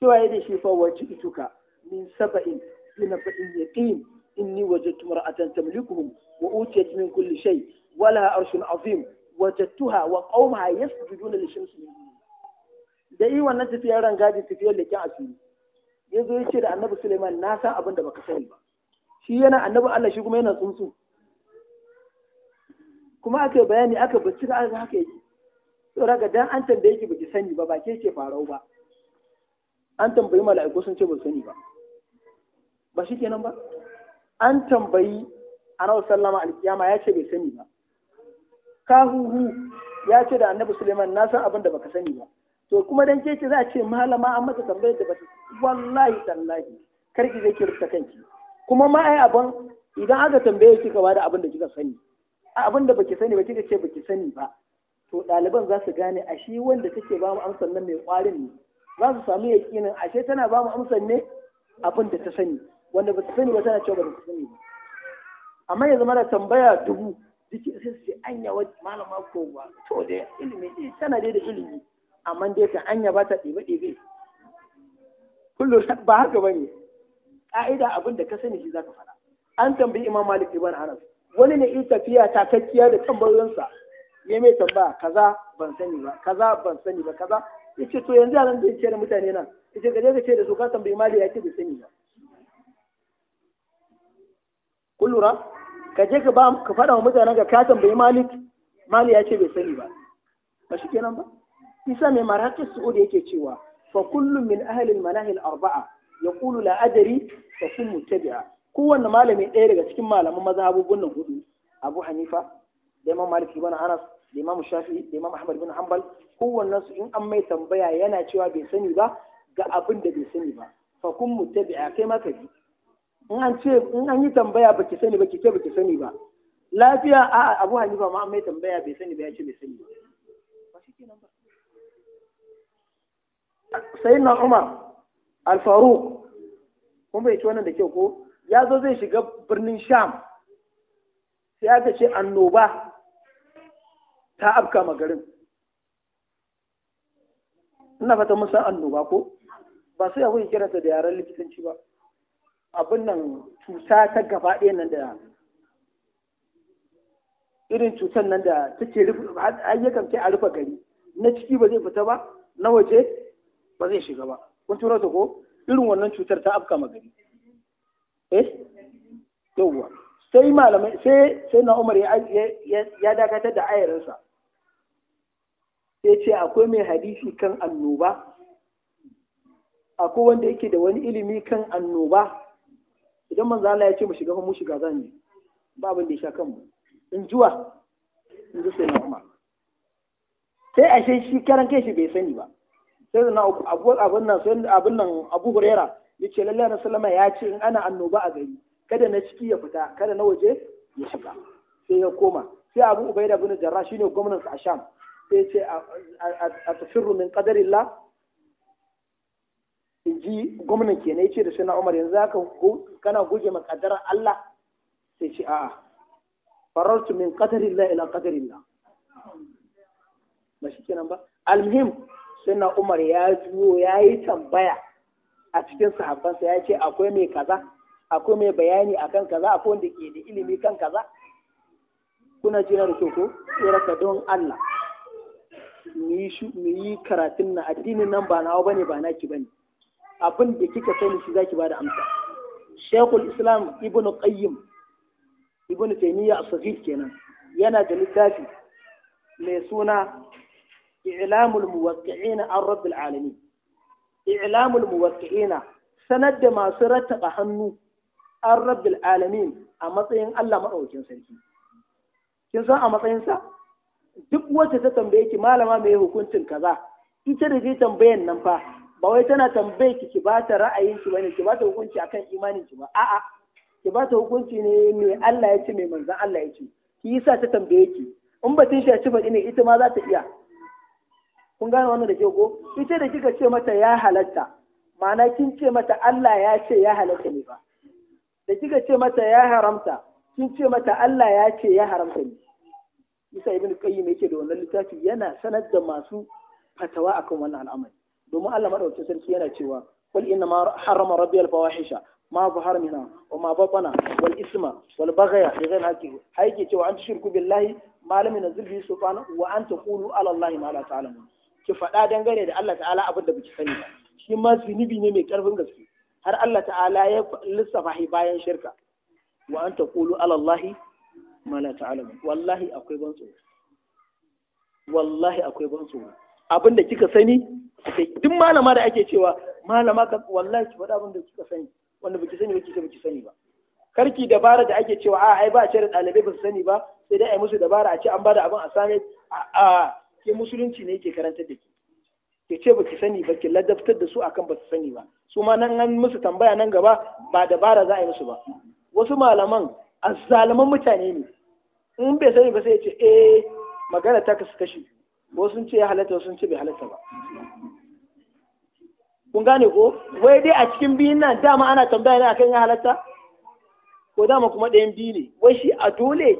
Speaker 1: cewa ya da shi fa waje tuka min saba'in in saba'in yaqin inni wajadtu mar'atan tamlikuhum wa utiyat min kulli shay wa laha arshun azim wajadtuha wa qaumaha yasjuduna lishamsi min da yi wannan tafiyar rangadi tafiyar leken asiri ya zo ya ce da annabi Suleiman na san abin da baka sani ba shi yana annabi Allah shi kuma yana tsuntsu kuma aka bayani aka bincika aka haka yake ga dan an tambaye ki baki sani ba ba ke ke farau ba an tambayi mala'iku sun ce ba sani ba ba shi kenan ba an tambayi annabi sallama alkiyama ya ce bai sani ba kahuhu ya ce da annabi suleiman na san abin da baka sani ba to kuma dan ke ce za a ce malama an masa tambayar da bata wallahi tallahi ki zai ki rubuta kanki kuma ma ai abin idan aka tambaye ki ba da abin da kika sani abin da baki sani ba kika ce baki sani ba to ɗaliban za su gane a shi wanda take ba mu amsar nan mai ƙwarin ne za su samu yaƙinin ashe tana ba mu amsar ne abin da ta sani wanda ba ta sani ba tana cewa ba ta sani ba amma ya zama da tambaya dubu duki sai su ce anya wa malama ko ba to da ilimi ne tana dai da ilimi amma dai ta anya ba ta ɗebe ɗebe kullum ba haka ba ne ƙa'ida abin da ka sani shi za ka faɗa an tambayi imam malik ibn anas wani ne in tafiya takakkiya da tambayoyinsa ya mai tambaya kaza ban sani ba kaza ban sani ba kaza yace to yanzu anan zai ce da mutane nan yace gaje ka ce da su ka tambayi mali yake bai sani ba kullura ka je ka ba ka faɗa wa mutanen ka ka tambayi malik mali ya ce bai sani ba ba shi kenan ba isa mai marakis su'ud yake cewa fa kullu min ahli al al arba'a yaqulu la adri fa kun muttabi'a kowanne malami ɗaya daga cikin malaman mazhabubun nan hudu abu hanifa da imam malik ibn anas da Imam Shafi'i da Imam Ahmad bin Hanbal kowannen su in an mai tambaya yana cewa bai sani ba ga abin da bai sani ba fa kun mutabi'a kai ma ka bi in an ce in an yi tambaya baki sani ba ki ce baki sani ba lafiya a Abu Hanifa ma an mai tambaya bai sani ba ya ce bai sani ba na Umar al-Faruq kun bai ci wannan da kyau ko ya zo zai shiga birnin Sham sai aka ce annoba ta afka magarin garin ina fata mun san annoba ko ba sai abu kiranta da yaren likitanci ba abin nan cuta ta gaba ɗaya nan da irin cutar nan da take ayyukan ke a rufe gari na ciki ba zai fita ba na waje ba zai shiga ba kun tura ta ko irin wannan cutar ta afka magari eh yawwa sai malamai sai sai na umar ya dakatar da ayarinsa sai ce akwai mai hadisi kan annoba akwai wanda yake da wani ilimi kan annoba idan manzo Allah ya ce mu shiga mu shiga za yi ba abin da ya sha kanmu in juwa in ji sai na Umar sai ashe shi karan kai shi bai sani ba sai da na abun nan sai abun nan Abu Huraira yace lalle na sallama ya ce in ana annoba a gari kada na ciki ya fita kada na waje ya shiga sai ya koma sai Abu Ubaida bin Jarrah shine gwamnan sa a Sham sai ce a tafirru min illa in ji gwamnan kenan ya ce da suna umar yanzu haka kana guje ma Allah sai ce a'a farartu min qadarillah ila illa. ba shi kenan ba almuhim suna umar ya juyo ya yi tambaya a cikin sahabbansa ya ce akwai mai kaza akwai mai bayani akan kaza akwai wanda ke da ilimi kan kaza kuna jina da ko tsira don Allah mu yi karatun na addinin nan ba nawa bane ba na ki bane abin da kika sani shi zaki bada amsa Shekul Islam Ibn Qayyim Ibn Taymiyyah as-Saghir kenan yana da littafi mai suna I'lamul Muwaqqi'ina an Rabbil Alamin I'lamul Muwaqqi'ina sanar da masu rattaba hannu an Rabbil Alamin a matsayin Allah madaukakin sarki kin san a matsayin sa duk wacce ta tambaye ki malama mai hukuncin kaza ita da zai tambayan nan fa ba wai tana tambaye ki ki bata ra'ayin ki bane ki bata hukunci akan imanin ki ba a'a ki bata hukunci ne mai Allah ya ce mai manzon Allah ya ce ki yasa ta tambaye ki in batun shi ci faɗi ne ita ma za ta iya kun gane wannan da ke ko ita da kika ce mata ya halatta ma'ana kin ce mata Allah ya ce ya halatta ne ba da kika ce mata ya haramta kin ce mata Allah ya ce ya haramta ne isa ibn qayyim yake da wannan littafi yana sanar da masu fatawa akan wannan al'amari domin Allah madaukakin sarki yana cewa qul inna ma harrama al fawahisha ma zahar minha wa ma batana wal isma wal baghya bi ghayri haqqi hayke cewa an shirku billahi ma lam yunzil bihi subhana wa an taqulu ala allahi ma la ta'lamun ki faɗa dangane da Allah ta'ala abin da biki sani ba shi ma ne mai karfin gaske har Allah ta'ala ya lissafa bayan shirka wa an taqulu ala allahi mala ta'ala wallahi akwai ban tsoro wallahi akwai ban tsoro abin da kika sani duk malama da ake cewa malama ka wallahi ki faɗa abin da kika sani wanda baki sani baki kike baki sani ba karki dabara da ake cewa a ai ba ce da ɗalibai ba su sani ba sai dai ai musu dabara a ce an bada abin a same a ke musulunci ne yake karantar da ke ke ce baki sani ba ki ladabtar da su akan ba su sani ba su ma nan an musu tambaya nan gaba ba dabara za a yi musu ba wasu malaman azzalaman mutane ne in bai sani ba sai ya ce eh magana ta kasu kashi wasu sun ce ya halatta wasu sun ce bai halatta ba kun gane ko wai dai a cikin biyun nan dama ana tambaya ne akan ya halatta ko dama kuma ɗayan biyu ne wai shi a dole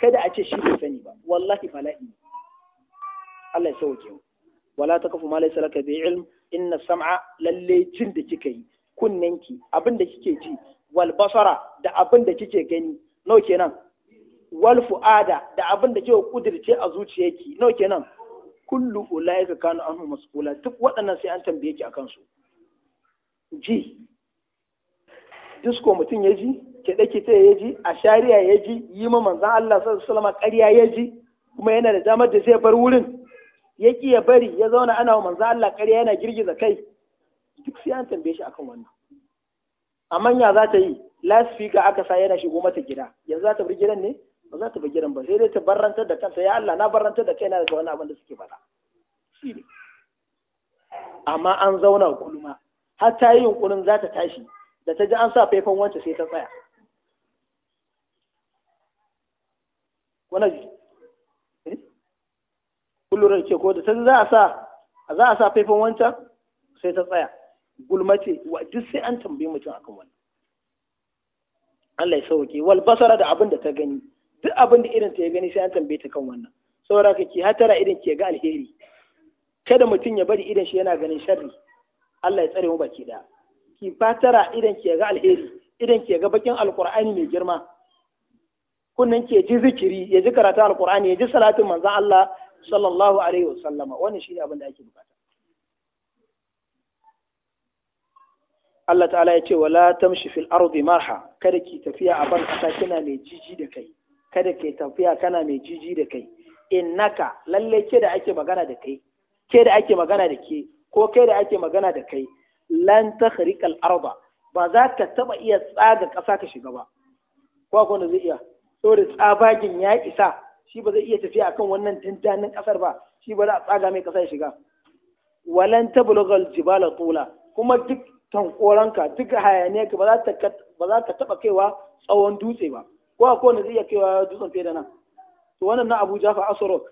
Speaker 1: kada a ce shi bai sani ba wallahi fala'i Allah ya sauke mu wala ta ma malai salaka bi ilm inna sam'a lalle jin da kika yi kunnenki abin da kike ji wal basara da abin da kike gani nawa kenan Walfu ada da abin da kewa kudirce a zuciyarki nawa kenan kullu ulaika kanu anhu mas'ula duk waɗannan sai an tambaye ki akan su ji disko mutum ya ji ke ta ya ji a shari'a ya ji yi ma manzan Allah sallallahu ƙarya ya ji kuma yana da damar da zai bar wurin ya ki ya bari ya zauna ana wa manzan Allah ƙarya yana girgiza kai duk sai an tambaye shi akan wannan amma ya za ta yi lasfika aka sa yana shigo mata gida yanzu za ta bar gidan ne ba za ta bagiran ba sai dai ta barrantar da kanta ya Allah na barrantar da kaina daga wani abin da suke faɗa amma an zauna kulma har ta yi yunkurin za ta tashi da ta ji an sa faifan wance sai ta tsaya wani kullum ce ko da ta za a sa a za a sa faifan wancan sai ta tsaya ce wa duk sai an tambayi mutum akan wannan Allah ya sauke wal basara da abin da ta gani duk abin da irin ta ya gani sai an tambaye ta kan wannan saboda ka ki hatara irin ke ga alheri kada mutum ya bari idan shi yana ganin sharri Allah ya tsare mu baki da ki fatara idan ke ga alheri idan ke ga bakin alqur'ani mai girma kunnan ke ji zikiri ya ji karatu alqur'ani ya ji salatin manzon Allah sallallahu alaihi wasallama wannan shine abin da ake bukata Allah ta'ala ya ce wala tamshi fil ardi marha kada ki tafiya a ban kasa kina mai jiji da kai kada ke tafiya kana mai jiji da kai innaka lalle ke da ake magana da kai ke da ake magana da ke ko kai da ake magana da kai lan takhriqa arda ba za ka taba iya tsaga ƙasa ka shiga ba ko ko zai iya saboda tsabagin ya isa shi ba zai iya tafiya akan wannan tantanin ƙasar ba shi ba za a tsaga mai ƙasa ya shiga walan tablughal jibala tula kuma duk tankoranka duk hayaniyarka ba za ka taba kaiwa tsawon dutse ba ko a kowane zai iya kaiwa dutsen fiye da nan to wannan na Abu Jafar Asrok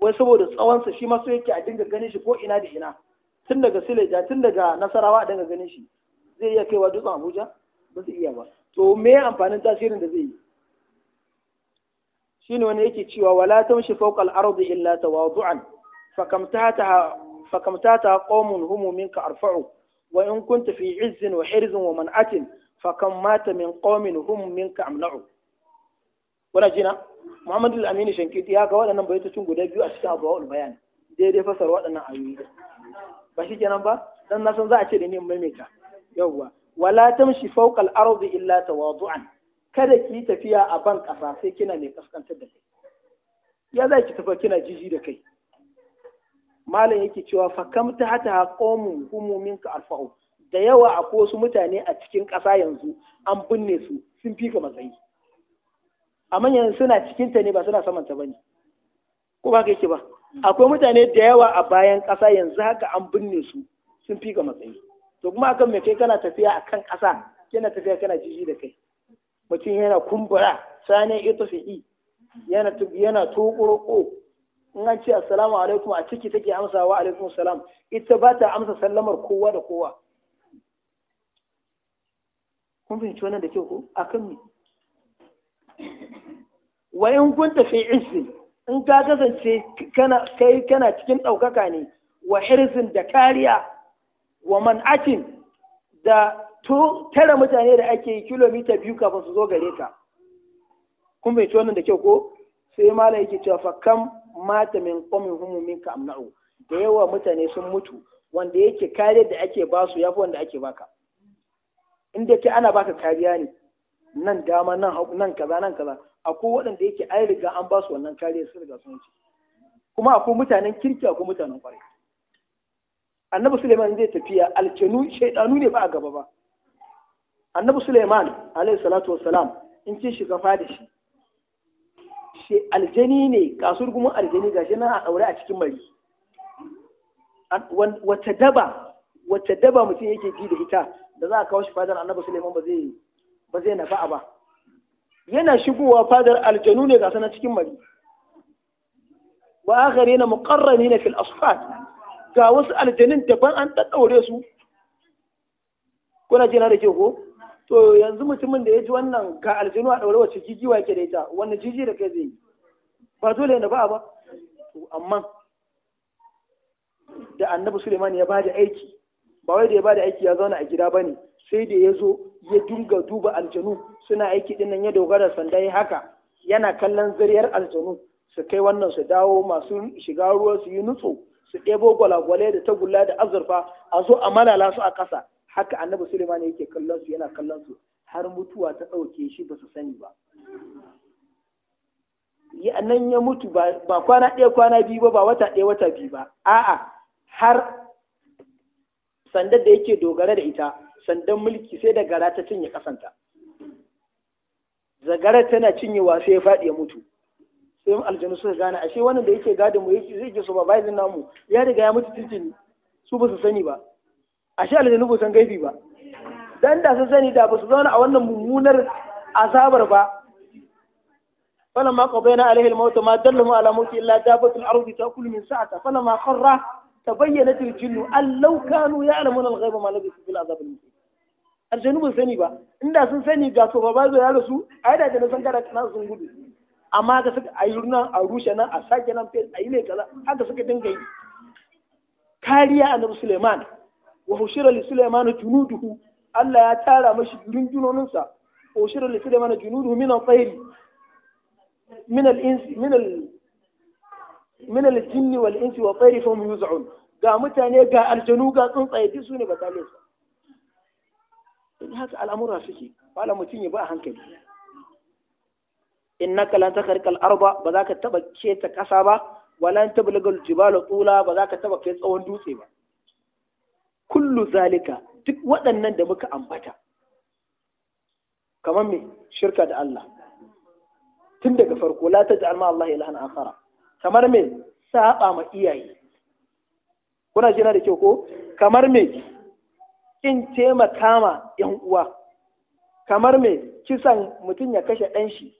Speaker 1: wai saboda tsawonsa shi ma so yake a dinga ganin shi ko ina da ina tun daga Sileja tun daga Nasarawa a dinga ganin shi zai iya kaiwa dutsen Abuja ba zai iya ba to me amfanin tasirin da zai yi shine wani yake cewa wala tamshi fawqa al-ardi illa tawadu'an fakamtataha fakamtataha qawmun humu minka arfa'u wa in kunta fi 'izzin wa hirzin wa man'atin fakan mata min qawmin hum ka amna'u wala jina Muhammadu al-Amin Shankiti ya ga waɗannan baitocin guda biyu a cikin Abwaul Bayan daidai fasar waɗannan ayoyi ba shi kenan ba dan na san za a ce da mai ka yawwa wala tamshi fawqa al-ardi illa tawadu'an kada ki tafiya a ban kasa sai kina mai kaskantar da kai ya za ki tafi kina jiji da kai malam yake cewa fa ta hata qawmun hum minka alfa'u da yawa a wasu mutane a cikin ƙasa yanzu an binne su sun fika matsayi amma yanzu suna cikinta ne ba suna samanta ba ne ko ba yake ba akwai mutane da yawa a bayan ƙasa yanzu haka an binne su sun fika matsayi to kuma akan me kai kana tafiya a kan ƙasa Kina tafiya kana jiji da kai mutum yana kumbura sani ita fi'i yana yana toƙo in an ce assalamu alaikum a ciki take amsawa alaikum salam ita ba ta amsa sallamar kowa da kowa kun fahimci wannan da kyau ko kan me wa in kun tafi izzin in ka kasance kana kai kana cikin ɗaukaka ne wa irzin da kariya wa man akin da to tara mutane da ake yi kilomita biyu kafin su zo gare ka kun bai wannan da kyau ko sai mala yake cewa fa kam mata min qawmin humumin ka amna'u da yawa mutane sun mutu wanda yake kare da ake basu yafi wanda ake baka in dai kai ana baka kariya ne nan dama nan hagu nan kaza nan kaza akwai waɗanda yake ai riga an ba su wannan kariya su riga sun ci kuma akwai mutanen kirki akwai mutanen kwarai annabi suleiman zai tafiya alkenu shaidanu ne ba a gaba ba annabi suleiman alayhi salatu wassalam in shi gafa da shi shi aljani ne kasur gumin aljani gashi na a daure a cikin mari wata daba wata daba mutum yake ji da ita da za a kawo shi fadar annabi Suleiman ba zai ba zai nafa'a ba yana shigowa fadar aljanu ne ga sana cikin mari wa akharina na fil asfat ga wasu aljanin daban an daddaure su kuna jina da ke ko to yanzu mutumin da ya ji wannan ga aljanu a daure wacce gigiwa ke da ita wannan jiji da kai zai yi ba dole na ba ba amma da annabi Suleiman ya bada aiki ba wai da ya bada aiki ya zauna a gida bane sai da ya zo ya dinga duba aljanu suna aiki din ya dogara sanda ya haka yana kallon zariyar aljanu su kai wannan su dawo masu shiga ruwa su yi nutso su ɗebo gwalagwale da tagulla da azurfa a zo a malala su a ƙasa haka annabi suleiman yake kallon su yana kallon su har mutuwa ta ɗauke shi ba su sani ba nan ya mutu ba kwana ɗaya kwana biyu ba ba wata ɗaya wata biyu ba a'a har sandar da yake dogara da ita sandan mulki sai da gara ta cinye kasanta zagara tana cinye sai ya faɗi ya mutu sai aljanu suka gane ashe wannan da yake gadin mu yake zai ke supervisor namu ya riga ya mutu tuntuni su ba su sani ba ashe aljanu ba san gaibi ba dan da sun sani da ba su zauna a wannan mummunar azabar ba فلما قضينا عليه ma, ما دلهم على illa dabatun دابة الارض تاكل من ساعته فلما خر tabayyanat al-jinnu allau kanu ya'lamuna al-ghaiba ma labisu fil azab al-muqim ban sani ba inda sun sani ga so ba ya rasu ai da na san kada kana sun gudu amma ka suka ayi nan a rushe nan a sake nan fes ayi ne kaza haka suka dinga yi kariya annabi Suleiman wa hushira li Suleiman junuduhu Allah ya tara mashi rundunoninsa hushira li Suleiman junuduhu min al-tayr min al-ins min al min al-jinni wal-insi wa tayr fa hum yuz'un ga mutane ga aljanu ga tsuntsaye duk su ne batalin su in haka al'amura suke wala mutum ya ba hankali innaka lan takhriqal arba ba za ka taba keta kasa ba walan tablagal jibala tula ba za ka taba kai tsawon dutse ba kullu zalika duk waɗannan da muka ambata kamar me shirka da Allah tun daga farko la taj'al ma Allah ilahan akhara kamar me saba ma iyaye kuna jina da kyau ko kamar me kin taimaka ma yan uwa kamar me kisan mutum ya kashe ɗan shi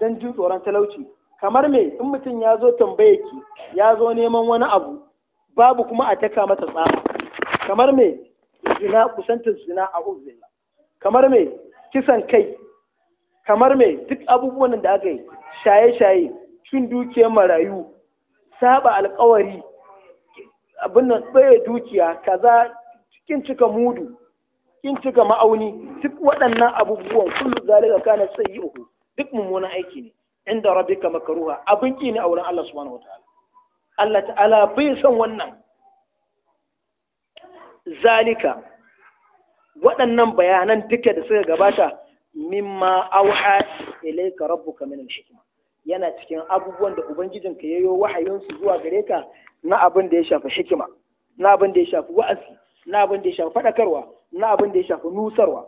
Speaker 1: don jin tsoron talauci kamar me in mutum ya zo tambaye ki ya zo neman wani abu babu kuma a taka mata tsama kamar me zina kusantar zina a uzina kamar me kisan kai kamar me duk abubuwan da aka yi shaye-shaye cin duke marayu saba alkawari abin nan tsaye dukiya kaza kin cika mudu kin cika ma'auni duk waɗannan abubuwan kullu zalika kana sayyi'uhu duk mummunan aiki ne inda rabbika makruha abin ki ne a wurin Allah subhanahu wataala Allah ta'ala bai san wannan zalika waɗannan bayanan duka da suka gabata mimma auha ilayka rabbuka min al-hikma yana cikin abubuwan da ubangijin ya yi wahayinsu zuwa gare ka na abin da ya shafi hikima na abin da ya shafi wa'azi na abin da ya shafi fadakarwa, na abin da ya shafi nusarwa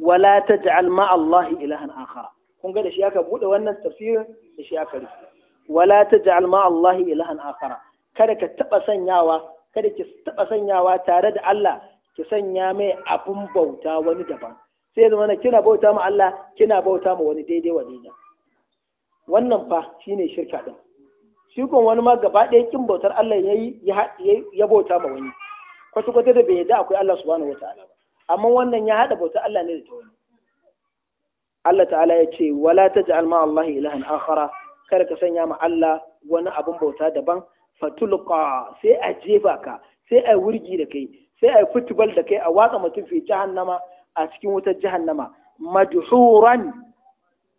Speaker 1: wala taj'al ma Allah ilahan akhar kun ga da shi aka bude wannan tafsirin da shi aka rufe wala taj'al ma Allah ilahan akhar kada ka taba sanyawa kada ki taba sanyawa tare da Allah ki sanya mai abun bauta wani daban sai zama na kina bauta ma Allah kina bauta ma wani daidai wani? daidai wannan fa shine shirka din shi kun wani ma gaba ɗaya kin bautar Allah yayi ya bauta ma wani kwata kwata da bai yadda akwai Allah subhanahu wataala ba amma wannan ya hada bautar Allah ne da ta wani Allah ta'ala ya ce wala taj'al ma Allah ilahan akhara Kar ka sanya ma Allah wani abun bauta daban fatulqa sai a jefa ka sai a wurgi da kai sai a futubal da kai a watsa mutum fi jahannama a cikin wutar jahannama madhuran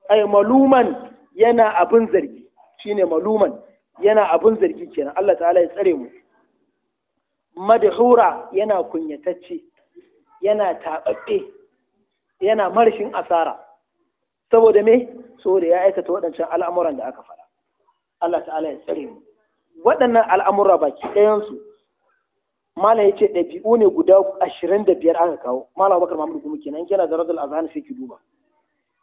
Speaker 1: ay maluman yana abin zargi shine maluman yana abin zargi kenan Allah ta'ala ya tsare mu madhura yana kunyatacce yana taɓaɓɓe yana marshin asara saboda me saboda ya ta waɗancan al'amuran da aka faɗa Allah ta'ala ya tsare mu waɗannan al'amura baki ɗayan su. malam ya ce ɗabi'u ne guda ashirin da biyar aka kawo malam bakar mahmud kuma kenan yana da radul azhan sai ki duba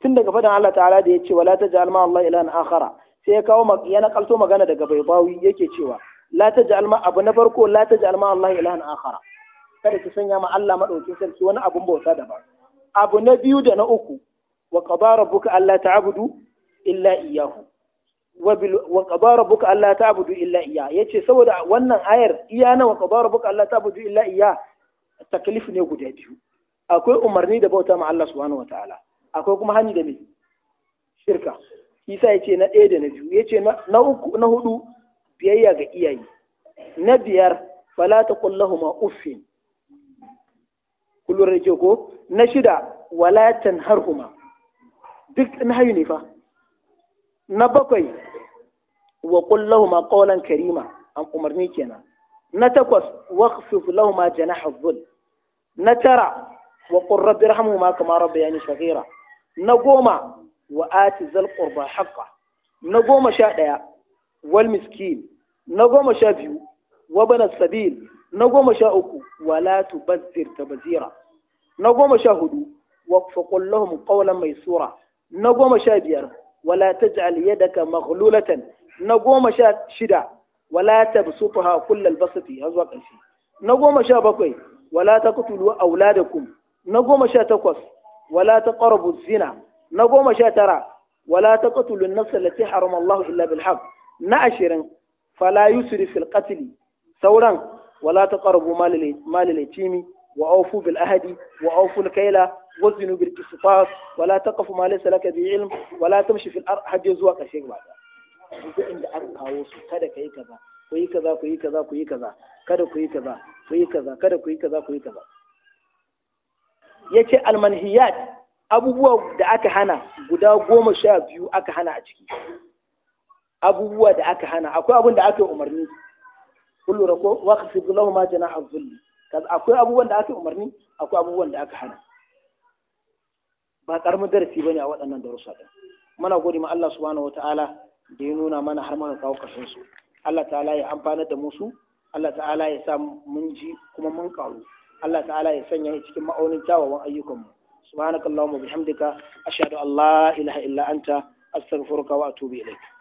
Speaker 1: tun daga fadan Allah ta'ala da ya cewa wala taj'al ma Allah ilahan akhara sai ya kawo ya kalto magana daga baibawi yake cewa la taj'al ma abu na farko la taj'al ma Allah ilahan akhara kada ki sanya ma Allah madaukin sarki wani abun bauta daban abu na biyu da na uku wa qadara rabbuka alla ta'budu illa iyyahu wa qadara buka Allah ta'budu illa iya yace saboda wannan ayar iya na wa qadara buka Allah ta'budu illa iya taklif ne guda biyu akwai umarni da bauta ma Allah subhanahu wataala akwai kuma hani da me shirka isa yace na ɗaya da na biyu yace na uku na hudu biyayya ga iyaye na biyar fala taqul lahumu uffin kullun rake ko na shida wala tanharhuma duk na ne fa na bakwai wa kullahuma qawlan karima an umarni kenan na takwas waqfif lahuma janaha dhul
Speaker 2: na tara
Speaker 1: wa qur rabbi rahmuhuma kama rabbayani na goma wa ati zal qurba haqqa na goma sha ɗaya wal miskin na goma sha biyu wa bana sabil na goma sha uku wa la tubazzir tabzira na goma sha hudu wa faqul lahum qawlan maysura na goma sha biyar wala taj'al yadaka maghlulatan na goma sha shida wala tabsutha kullal basati har zuwa ƙarshe na goma sha bakwai wala taqtulu auladakum na goma sha takwas wala taqrabu zina na goma sha tara wala taqtulu an-nafs allati harama Allah illa bil na ashirin fala yusrif sauran wala وأوفوا بالأهد وأوفوا الكيلة وزنوا بالقسطاس ولا تقف ما ليس لك به علم ولا تمشي في الأرض حتى يزوق شيء aka kawo su kada ka yi kaza ku yi kaza ku yi kaza ku yi kaza kada ku yi kaza ku yi kaza kada ku yi kaza ku yi kaza yace almanhiyat abubuwa da aka hana guda goma sha biyu aka hana a ciki abubuwa da aka hana akwai abin da aka yi umarni kullu rako waqfid lahu ma janaha dhulli akwai abubuwan da aka umarni akwai abubuwan da aka hana ba karamin darasi bane a waɗannan darussa din muna gode ma Allah subhanahu wataala da ya nuna mana har muka kawo kasan su Allah ta'ala ya amfana da musu Allah ta'ala ya sa mun ji kuma mun karu Allah ta'ala ya sanya shi cikin ma'aunin ayyukan ayyukanmu subhanakallahumma bihamdika ashhadu an la ilaha illa anta astaghfiruka wa atubu ilayk